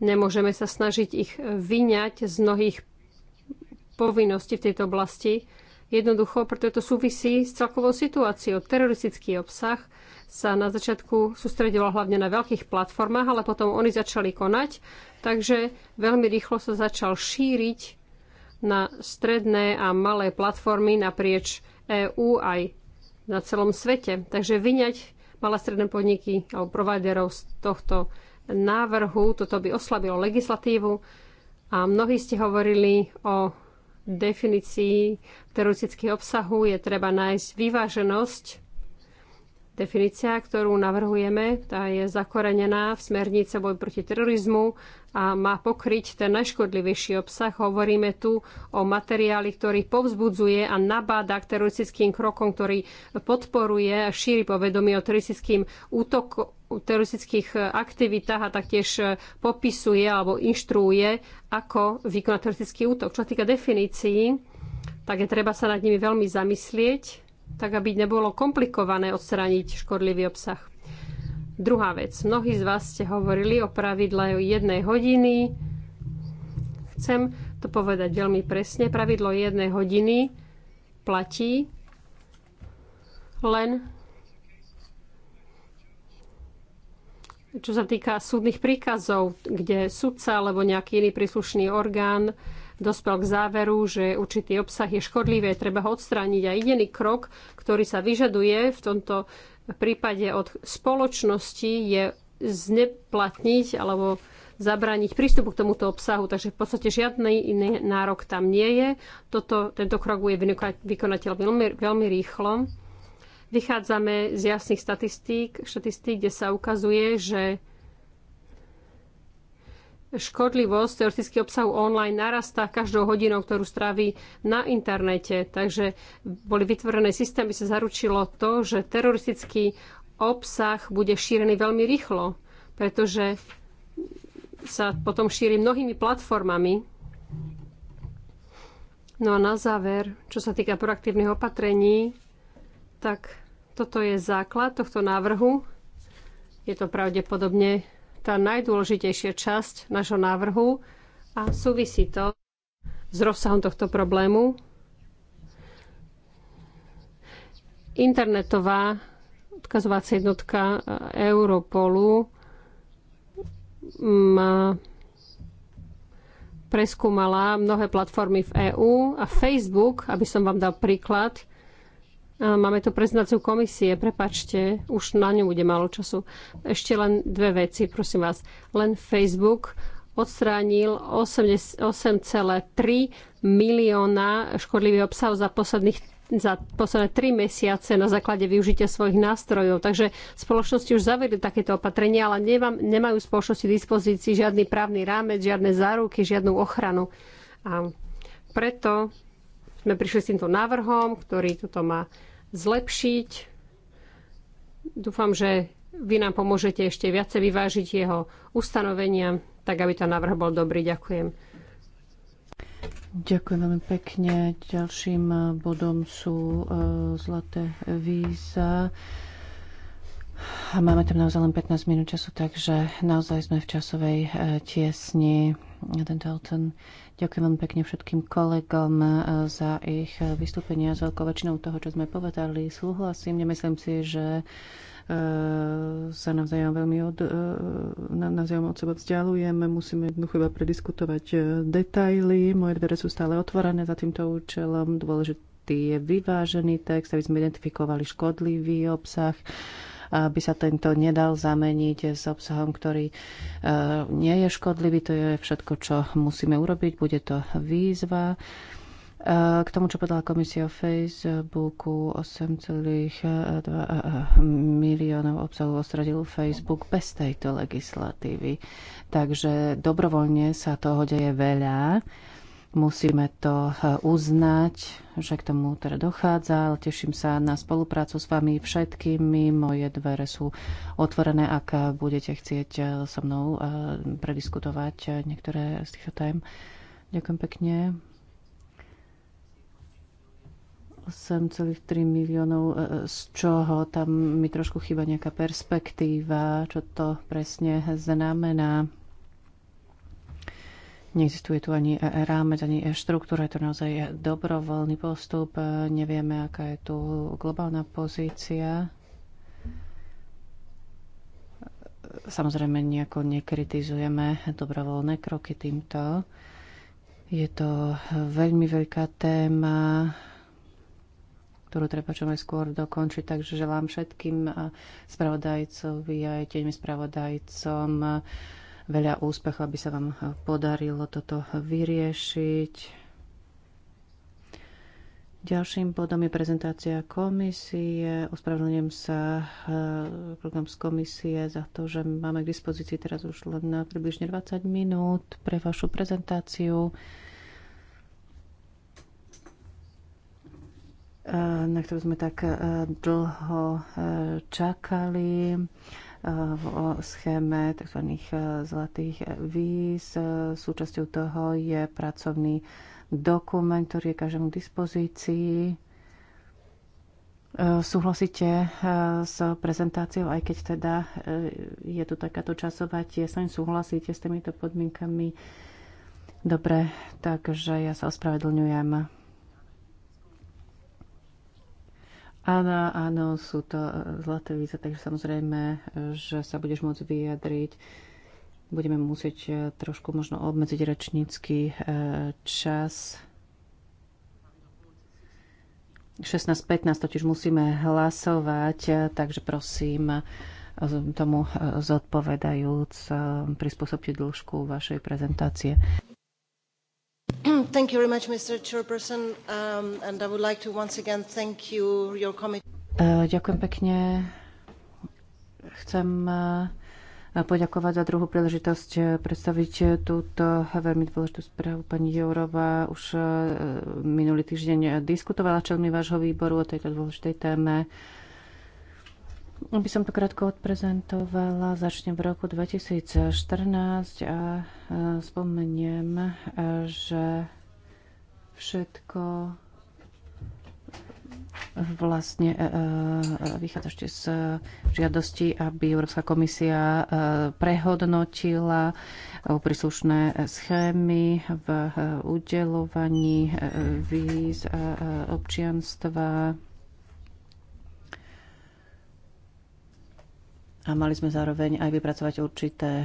Nemôžeme sa snažiť ich vyňať z mnohých povinností v tejto oblasti. Jednoducho, pretože to súvisí s celkovou situáciou. Teroristický obsah sa na začiatku sústredoval hlavne na veľkých platformách, ale potom oni začali konať, takže veľmi rýchlo sa začal šíriť na stredné a malé platformy naprieč EÚ aj na celom svete. Takže vyňať malé stredné podniky alebo providerov z tohto návrhu. Toto by oslabilo legislatívu. A mnohí ste hovorili o definícii teroristických obsahu. Je treba nájsť vyváženosť Definícia, ktorú navrhujeme, tá je zakorenená v smernice boj proti terorizmu a má pokryť ten najškodlivejší obsah. Hovoríme tu o materiáli, ktorý povzbudzuje a nabáda k teroristickým krokom, ktorý podporuje a šíri povedomie o teroristickým útoku, teroristických aktivitách a taktiež popisuje alebo inštruuje, ako vykonať teroristický útok. Čo týka definícií, tak je treba sa nad nimi veľmi zamyslieť tak aby nebolo komplikované odstrániť škodlivý obsah. Druhá vec. Mnohí z vás ste hovorili o pravidle jednej hodiny. Chcem to povedať veľmi presne. Pravidlo jednej hodiny platí len čo sa týka súdnych príkazov, kde sudca alebo nejaký iný príslušný orgán dospel k záveru, že určitý obsah je škodlivý, treba ho odstrániť. A jediný krok, ktorý sa vyžaduje v tomto prípade od spoločnosti, je zneplatniť alebo zabrániť prístupu k tomuto obsahu, takže v podstate žiadny iný nárok tam nie je. Toto, tento krok je vykonateľ veľmi, veľmi rýchlo. Vychádzame z jasných statistík, štatistík, kde sa ukazuje, že škodlivosť teoretický obsahu online narastá každou hodinou, ktorú stráví na internete. Takže boli vytvorené systémy, sa zaručilo to, že teroristický obsah bude šírený veľmi rýchlo, pretože sa potom šíri mnohými platformami. No a na záver, čo sa týka proaktívnych opatrení, tak toto je základ tohto návrhu. Je to pravdepodobne tá najdôležitejšia časť nášho návrhu a súvisí to s rozsahom tohto problému. Internetová odkazovacia jednotka Europolu má preskúmala mnohé platformy v EÚ a Facebook, aby som vám dal príklad, Máme tu prezentáciu komisie, prepačte, už na ňu bude málo času. Ešte len dve veci, prosím vás. Len Facebook odstránil 8,3 milióna škodlivých obsahov za posledných za posledné tri mesiace na základe využitia svojich nástrojov. Takže spoločnosti už zavedli takéto opatrenia, ale nemám, nemajú spoločnosti v dispozícii žiadny právny rámec, žiadne záruky, žiadnu ochranu. A preto sme prišli s týmto návrhom, ktorý toto má zlepšiť. Dúfam, že vy nám pomôžete ešte viacej vyvážiť jeho ustanovenia, tak aby ten návrh bol dobrý. Ďakujem. Ďakujem veľmi pekne. Ďalším bodom sú eh, zlaté víza. A máme tam naozaj len 15 minút času, takže naozaj sme v časovej eh, tiesni. Jeden Dalton. Ďakujem vám pekne všetkým kolegom e, za ich e, vystúpenia. S veľkou väčšinou toho, čo sme povedali, súhlasím. Nemyslím si, že e, sa navzájom veľmi od, navzájom od seba vzdialujeme. Musíme jednoducho iba prediskutovať detaily. Moje dvere sú stále otvorené za týmto účelom. Dôležitý je vyvážený text, aby sme identifikovali škodlivý obsah aby sa tento nedal zameniť s obsahom, ktorý e, nie je škodlivý. To je všetko, čo musíme urobiť. Bude to výzva. E, k tomu, čo povedala komisia o Facebooku, 8,2 miliónov obsahov ostradil Facebook bez tejto legislatívy. Takže dobrovoľne sa toho deje veľa Musíme to eh, uznať, že k tomu teda dochádza, ale teším sa na spoluprácu s vami všetkými. Moje dvere sú otvorené, ak budete chcieť eh, so mnou eh, prediskutovať niektoré z týchto tém. Ďakujem pekne. 8,3 miliónov, z čoho tam mi trošku chýba nejaká perspektíva, čo to presne znamená. Neexistuje tu ani rámec, ani štruktúra, je to naozaj dobrovoľný postup. Nevieme, aká je tu globálna pozícia. Samozrejme, nejako nekritizujeme dobrovoľné kroky týmto. Je to veľmi veľká téma, ktorú treba čo najskôr dokončiť, takže želám všetkým spravodajcovi aj tým spravodajcom veľa úspechov, aby sa vám eh, podarilo toto vyriešiť. Ďalším bodom je prezentácia komisie. Ospravedlňujem sa eh, program z komisie za to, že máme k dispozícii teraz už len na približne 20 minút pre vašu prezentáciu, eh, na ktorú sme tak dlho čakali v schéme tzv. E, zlatých víz. E, súčasťou toho je pracovný dokument, ktorý je každému k dispozícii. E, súhlasíte s prezentáciou, aj keď teda je tu takáto časová tiesaň, súhlasíte s týmito podmienkami? Dobre, takže ja sa ospravedlňujem. Áno, áno, sú to e, zlaté víza, takže samozrejme, e, že sa budeš môcť vyjadriť. Budeme musieť e, trošku možno obmedziť rečnícky čas. 16.15 totiž musíme hlasovať, takže prosím, tomu zodpovedajúc, prispôsobte dĺžku vašej prezentácie. Thank you very much, Mr. Chairperson, um, and I would like to once again thank you, your committee. Uh, ďakujem pekne. Chcem uh, poďakovať za druhú príležitosť uh, predstaviť túto veľmi dôležitú správu. Pani Jourová už uh, minulý týždeň diskutovala členmi vášho výboru o tejto dôležitej téme. Aby som to krátko odprezentovala, začnem v roku 2014 a spomeniem, že všetko vlastne e, e, vychádza ešte z žiadosti, aby Európska komisia e, prehodnotila príslušné schémy v udelovaní víz a občianstva A mali sme zároveň aj vypracovať určité eh,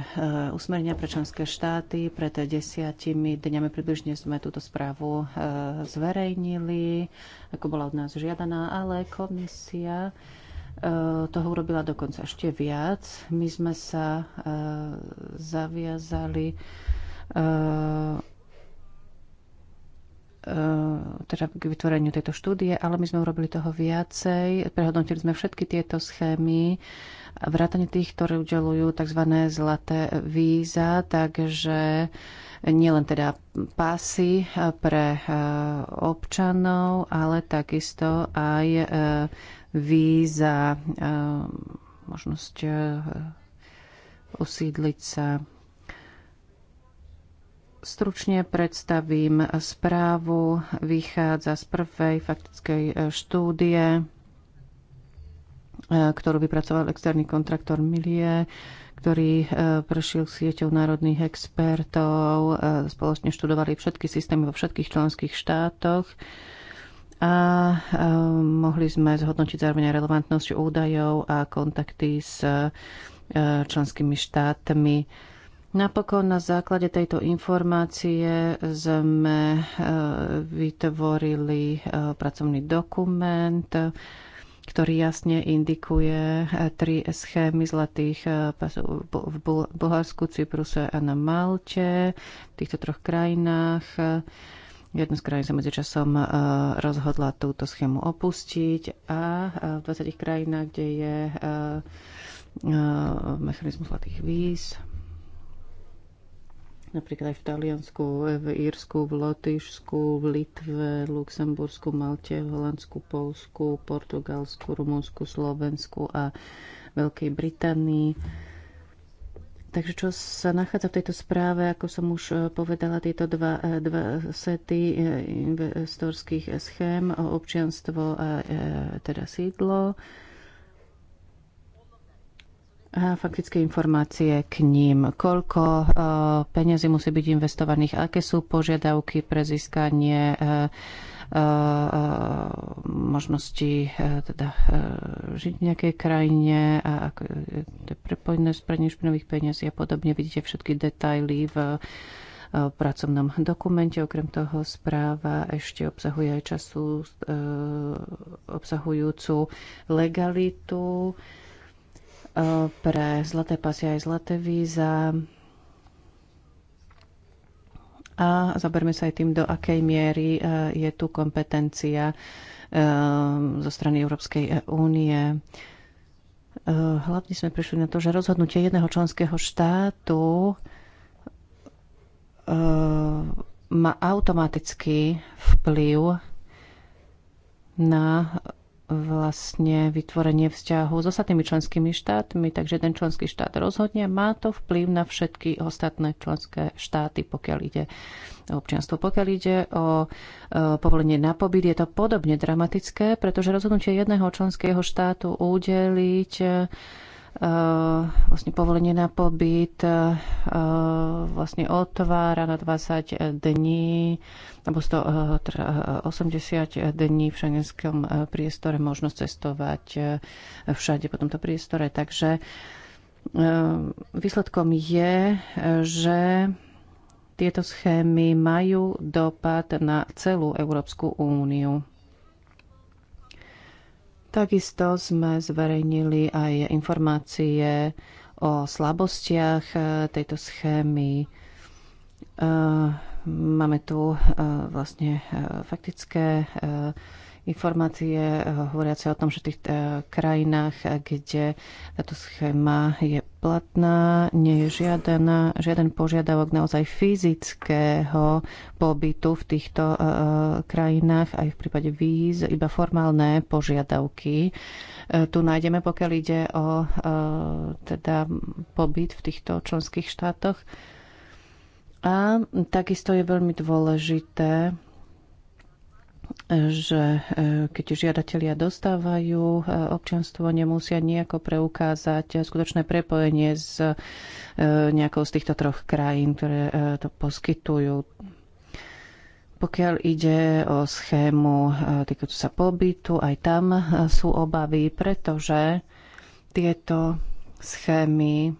usmernia pre členské štáty. Pred desiatimi dňami približne sme túto správu eh, zverejnili, ako bola od nás žiadaná, ale komisia eh, toho urobila dokonca ešte viac. My sme sa zaviazali teda k vytvoreniu tejto štúdie, ale my sme urobili toho viacej. Prehodnotili sme všetky tieto schémy vrátane tých, ktorí udelujú tzv. zlaté víza, takže nielen teda pásy pre e, občanov, ale takisto aj e, víza, e, možnosť osídliť sa stručne predstavím správu. Vychádza z prvej faktickej štúdie E, ktorú vypracoval externý kontraktor Milie, ktorý e, prešiel sieťou národných expertov, e, spoločne študovali všetky systémy vo všetkých členských štátoch a mohli sme zhodnotiť zároveň relevantnosť údajov a kontakty s členskými štátmi. Napokon na základe tejto informácie sme vytvorili pracovný dokument, ktorý jasne indikuje eh, tri schémy zlatých eh, v Bulharsku, Cypruse a na Malte, v týchto troch krajinách. Eh, jedna z krajín sa medzičasom rozhodla túto schému opustiť a v 20 krajinách, kde je mechanizmus zlatých víz napríklad aj v Taliansku, v Írsku, v Lotyšsku, v Litve, Luxembursku, Malte, v Holandsku, Polsku, Portugalsku, Rumunsku, Slovensku a Veľkej Británii. Takže čo sa nachádza v tejto správe, ako som už eh, povedala, tieto dva, eh, dva sety eh, investorských schém, občianstvo a teda sídlo faktické informácie k ním. Koľko e, peňazí musí byť investovaných? Aké sú požiadavky pre získanie e, e, možnosti teda žiť v nejakej krajine a prepojené s praním špinových peniazí a podobne. Vidíte všetky detaily v pracovnom dokumente. Okrem toho správa ešte obsahuje aj času obsahujúcu legalitu pre zlaté pasy aj zlaté víza. A zaberme sa aj tým, do akej miery e, je tu kompetencia e, zo strany Európskej e, únie. Hlavne sme prišli na to, že rozhodnutie jedného členského štátu má automatický vplyv na vlastne vytvorenie vzťahu s ostatnými členskými štátmi, takže ten členský štát rozhodne má to vplyv na všetky ostatné členské štáty, pokiaľ ide o občianstvo. Pokiaľ ide o e, povolenie na pobyt, je to podobne dramatické, pretože rozhodnutie jedného členského štátu udeliť Eh, vlastne povolenie na pobyt eh, vlastne otvára na 20 dní alebo 180 eh, dní v šengenskom priestore možnosť cestovať všade po tomto priestore. Takže výsledkom je, že tieto schémy majú dopad na celú Európsku úniu. Takisto sme zverejnili aj informácie o slabostiach eh, tejto schémy. Eh, máme tu eh, vlastne faktické informácie eh, hovoriace o tom, že v tých eh, krajinách, eh, kde táto schéma je platná, nie je žiaden, žiaden požiadavok naozaj fyzického pobytu v týchto krajinách, aj v prípade víz, iba formálne požiadavky. Tu nájdeme, pokiaľ ide o teda pobyt v týchto členských štátoch. A takisto je veľmi dôležité že e, keď žiadatelia dostávajú e, občanstvo, nemusia nejako preukázať skutočné prepojenie s e, nejakou z týchto troch krajín, ktoré to poskytujú. Pokiaľ ide o schému týkajúcu sa pobytu, aj tam sú obavy, pretože tieto schémy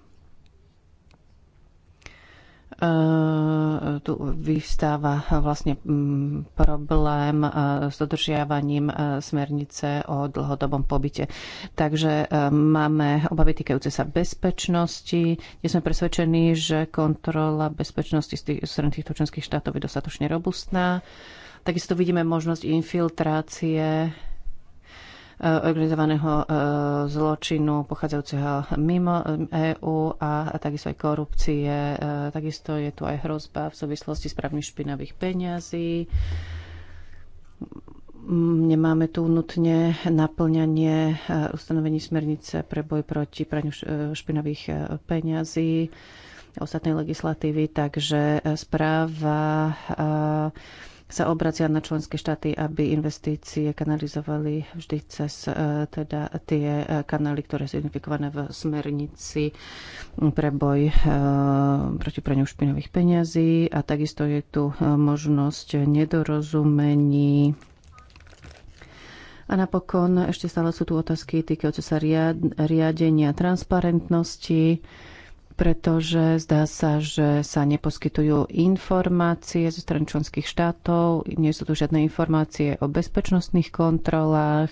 Eh, tu vyvstáva vlastne mm, problém eh, s dodržiavaním eh, smernice o dlhodobom pobyte. Takže máme obavy týkajúce sa bezpečnosti. Nie sme presvedčení, že kontrola bezpečnosti z strany týchto členských štátov je dostatočne robustná. Takisto vidíme možnosť infiltrácie Eh, organizovaného eh, zločinu pochádzajúceho mimo EÚ eh, e a takisto aj korupcie. Takisto je tu aj hrozba v súvislosti s právmi špinavých peňazí. Nemáme tu nutne naplňanie ustanovení smernice pre boj proti praniu špinavých peňazí ostatnej legislatívy, takže správa sa obracia na členské štáty, aby investície kanalizovali vždy cez e, teda tie e, kanály, ktoré sú identifikované v smernici pre boj e, proti praniu špinových peňazí a takisto je tu možnosť nedorozumení a napokon ešte stále sú tu otázky týkajúce sa riadenia transparentnosti pretože zdá sa, že sa neposkytujú informácie zo strany členských štátov, nie sú tu žiadne informácie o bezpečnostných kontrolách,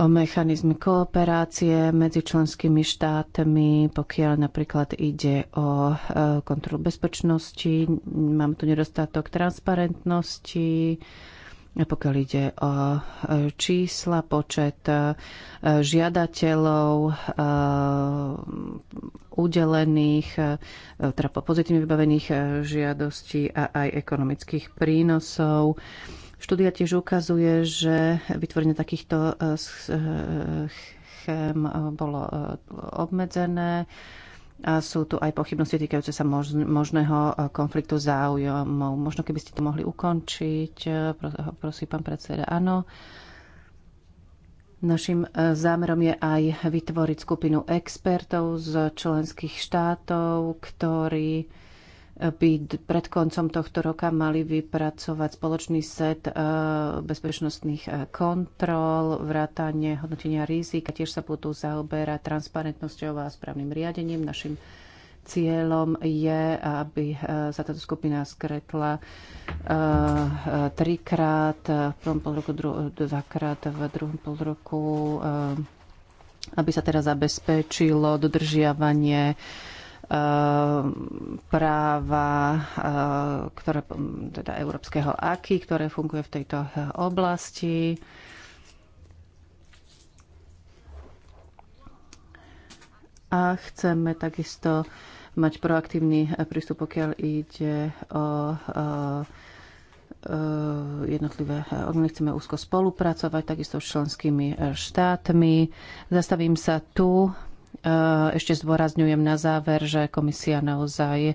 o mechanizmy kooperácie medzi členskými štátmi, pokiaľ napríklad ide o e, kontrolu bezpečnosti, mám tu nedostatok transparentnosti, pokiaľ ide o e, čísla, počet e, žiadateľov e, udelených, teda pozitívne vybavených žiadostí a aj ekonomických prínosov. Štúdia tiež ukazuje, že vytvorenie takýchto schém bolo obmedzené a sú tu aj pochybnosti týkajúce sa možného e, konfliktu záujmov. Možno keby ste to mohli ukončiť. E, Prosím, pán predseda, áno. Našim e, zámerom je aj vytvoriť skupinu expertov z členských štátov, ktorí by pred koncom tohto roka mali vypracovať spoločný set e, bezpečnostných e, kontrol, vrátanie hodnotenia rizik a tiež sa budú zaoberať transparentnosťou a správnym riadením. Našim cieľom je, aby e, sa táto skupina skretla trikrát, v prvom pol roku, dru- dvakrát, v druhom pol roku, aby sa teda zabezpečilo dodržiavanie Eh, práva, eh, ktoré, teda európskeho AKI, ktoré funguje v tejto oblasti. A chceme takisto mať proaktívny prístup, pokiaľ ide o eh, jednotlivé organizácie. chceme úzko spolupracovať, takisto s členskými štátmi. Zastavím sa tu Eh, ešte zdôrazňujem na záver, že komisia naozaj eh,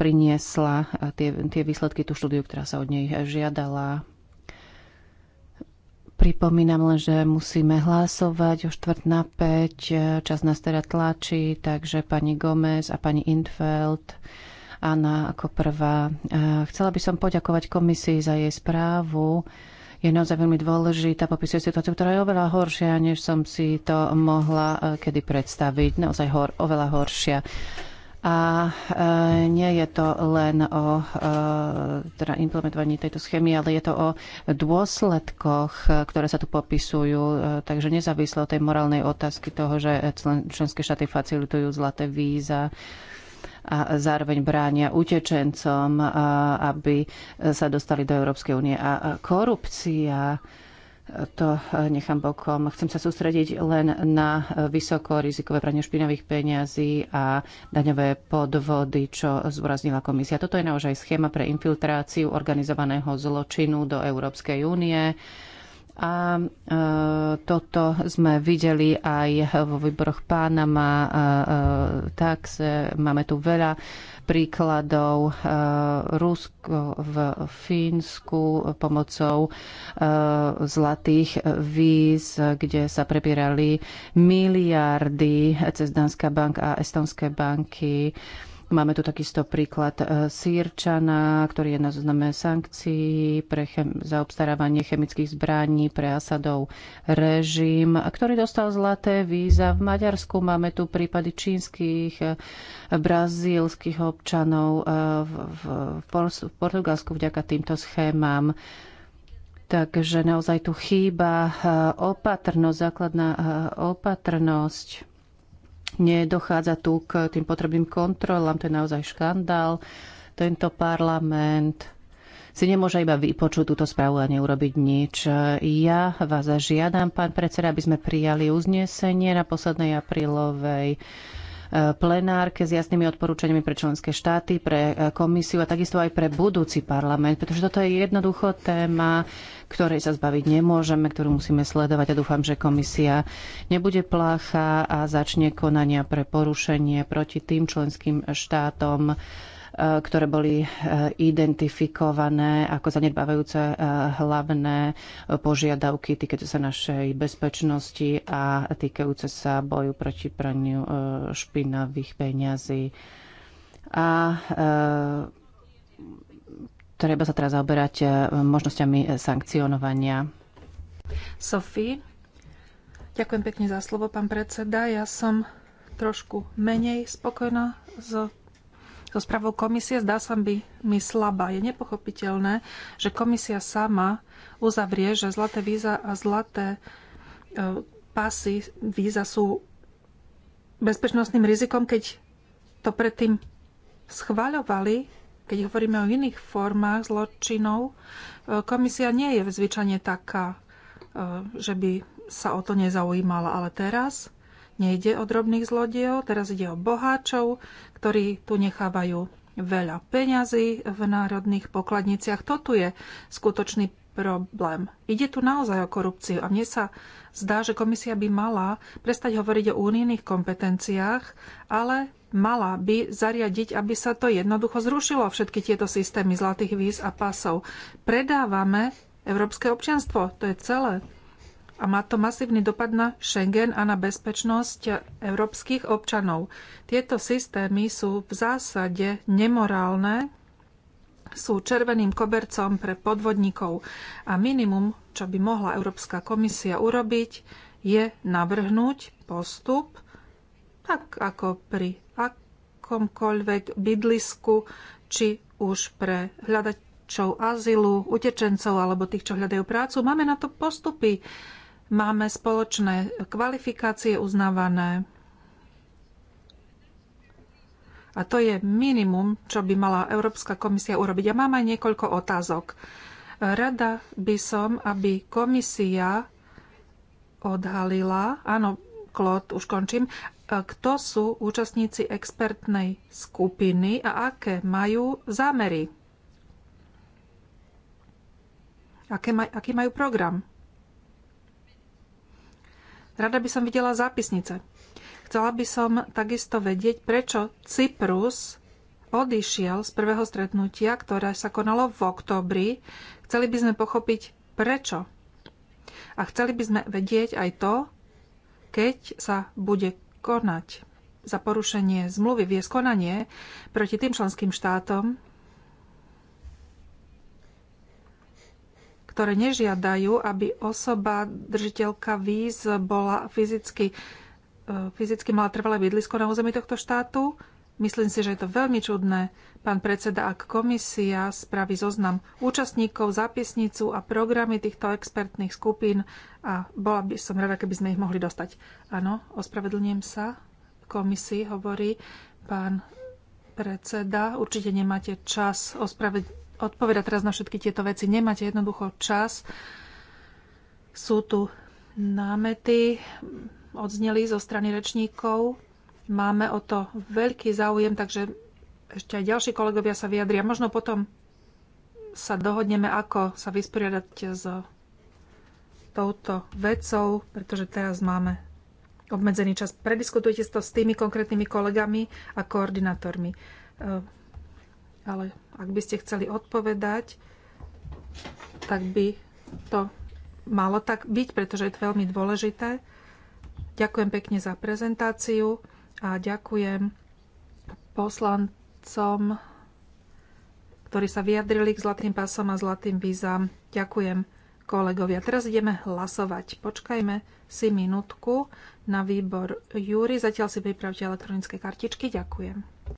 priniesla eh, tie, tie výsledky, tú štúdiu, ktorá sa od nej žiadala. Pripomínam len, že musíme hlasovať o štvrt na 5. Čas nás teda tlačí, takže pani Gomez a pani Infeld. Anna ako prvá. Chcela by som poďakovať komisii za jej správu je naozaj veľmi dôležitá, popisuje situáciu, ktorá je oveľa horšia, než som si to mohla e, kedy predstaviť. Naozaj hor, oveľa horšia. A e, nie je to len o e, teda implementovaní tejto schémy, ale je to o dôsledkoch, e, ktoré sa tu popisujú. E, takže nezávisle od tej morálnej otázky toho, že člen, členské štáty facilitujú zlaté víza, e, a zároveň bránia utečencom, aby sa dostali do Európskej únie. A korupcia, to nechám bokom. Chcem sa sústrediť len na vysoko rizikové pranie špinavých peňazí a daňové podvody, čo zúraznila komisia. Toto je naozaj schéma pre infiltráciu organizovaného zločinu do Európskej únie a e, toto sme videli aj vo výboroch Pánama, e, se, Máme tu veľa príkladov. E, Rusko v Fínsku pomocou e, zlatých víz, kde sa prebierali miliardy cez Danská bank a Estonské banky. E, Máme tu takisto príklad e, Sýrčana, ktorý je na zozname sankcií pre chem- za obstarávanie chemických zbraní pre Asadov režim, ktorý dostal zlaté víza. V Maďarsku máme tu prípady čínskych, e, brazílskych občanov e, v, v, v Portugalsku vďaka týmto schémam. Takže naozaj tu chýba opatrnosť, základná opatrnosť nedochádza tu k tým potrebným kontrolám. To je naozaj škandál. Tento parlament si nemôže iba vypočuť túto správu a neurobiť nič. Ja vás žiadam, pán predseda, aby sme prijali uznesenie na poslednej aprílovej plenárke s jasnými odporúčaniami pre členské štáty, pre e, komisiu a takisto aj pre budúci parlament, pretože toto je jednoducho téma, ktorej sa zbaviť nemôžeme, ktorú musíme sledovať a dúfam, že komisia nebude plácha a začne konania pre porušenie proti tým členským štátom, E, ktoré boli e, identifikované ako zanedbávajúce e, hlavné požiadavky týkajúce sa našej bezpečnosti a týkajúce sa boju proti praniu špinavých peňazí. A treba sa teraz zaoberať možnosťami sankcionovania. Sofí, ďakujem pekne za slovo, pán predseda. Ja som trošku menej spokojná so so správou komisie zdá sa by mi slabá. Je nepochopiteľné, že komisia sama uzavrie, že zlaté víza a zlaté e, pasy víza sú bezpečnostným rizikom, keď to predtým schváľovali, keď hovoríme o iných formách zločinov. E, komisia nie je zvyčajne taká, e, že by sa o to nezaujímala, ale teraz Nejde o drobných zlodejov, teraz ide o boháčov, ktorí tu nechávajú veľa peňazí v národných pokladniciach. To tu je skutočný problém. Ide tu naozaj o korupciu a mne sa zdá, že komisia by mala prestať hovoriť o unijných kompetenciách, ale mala by zariadiť, aby sa to jednoducho zrušilo, všetky tieto systémy zlatých víz a pasov. Predávame európske občianstvo, to je celé a má to masívny dopad na Schengen a na bezpečnosť európskych občanov. Tieto systémy sú v zásade nemorálne, sú červeným kobercom pre podvodníkov a minimum, čo by mohla Európska komisia urobiť, je navrhnúť postup, tak ako pri akomkoľvek bydlisku, či už pre hľadačov azylu, utečencov alebo tých, čo hľadajú prácu. Máme na to postupy Máme spoločné kvalifikácie uznávané. A to je minimum, čo by mala Európska komisia urobiť. Ja mám aj niekoľko otázok. Rada by som, aby komisia odhalila, áno, Klot, už končím, kto sú účastníci expertnej skupiny a aké majú zámery. Aké maj, aký majú program? Rada by som videla zápisnice. Chcela by som takisto vedieť, prečo Cyprus odišiel z prvého stretnutia, ktoré sa konalo v oktobri. Chceli by sme pochopiť, prečo. A chceli by sme vedieť aj to, keď sa bude konať za porušenie zmluvy, vie skonanie proti tým členským štátom, ktoré nežiadajú, aby osoba držiteľka víz bola fyzicky, e, fyzicky mala trvalé bydlisko na území tohto štátu. Myslím si, že je to veľmi čudné. Pán predseda, ak komisia spraví zoznam účastníkov, zápisnicu a programy týchto expertných skupín a bola by som rada, keby sme ich mohli dostať. Áno, ospravedlňujem sa. Komisii hovorí pán predseda. Určite nemáte čas ospravedlniť odpovedať teraz na všetky tieto veci. Nemáte jednoducho čas. Sú tu námety, odzneli zo strany rečníkov. Máme o to veľký záujem, takže ešte aj ďalší kolegovia sa vyjadria. Možno potom sa dohodneme, ako sa vysporiadať s touto vecou, pretože teraz máme obmedzený čas. Prediskutujte to s tými konkrétnymi kolegami a koordinátormi. Ehm, ale ak by ste chceli odpovedať, tak by to malo tak byť, pretože je to veľmi dôležité. Ďakujem pekne za prezentáciu a ďakujem poslancom, ktorí sa vyjadrili k zlatým pásom a zlatým vízam. Ďakujem kolegovia. Teraz ideme hlasovať. Počkajme si minútku na výbor Júry. Zatiaľ si pripravte elektronické kartičky. Ďakujem.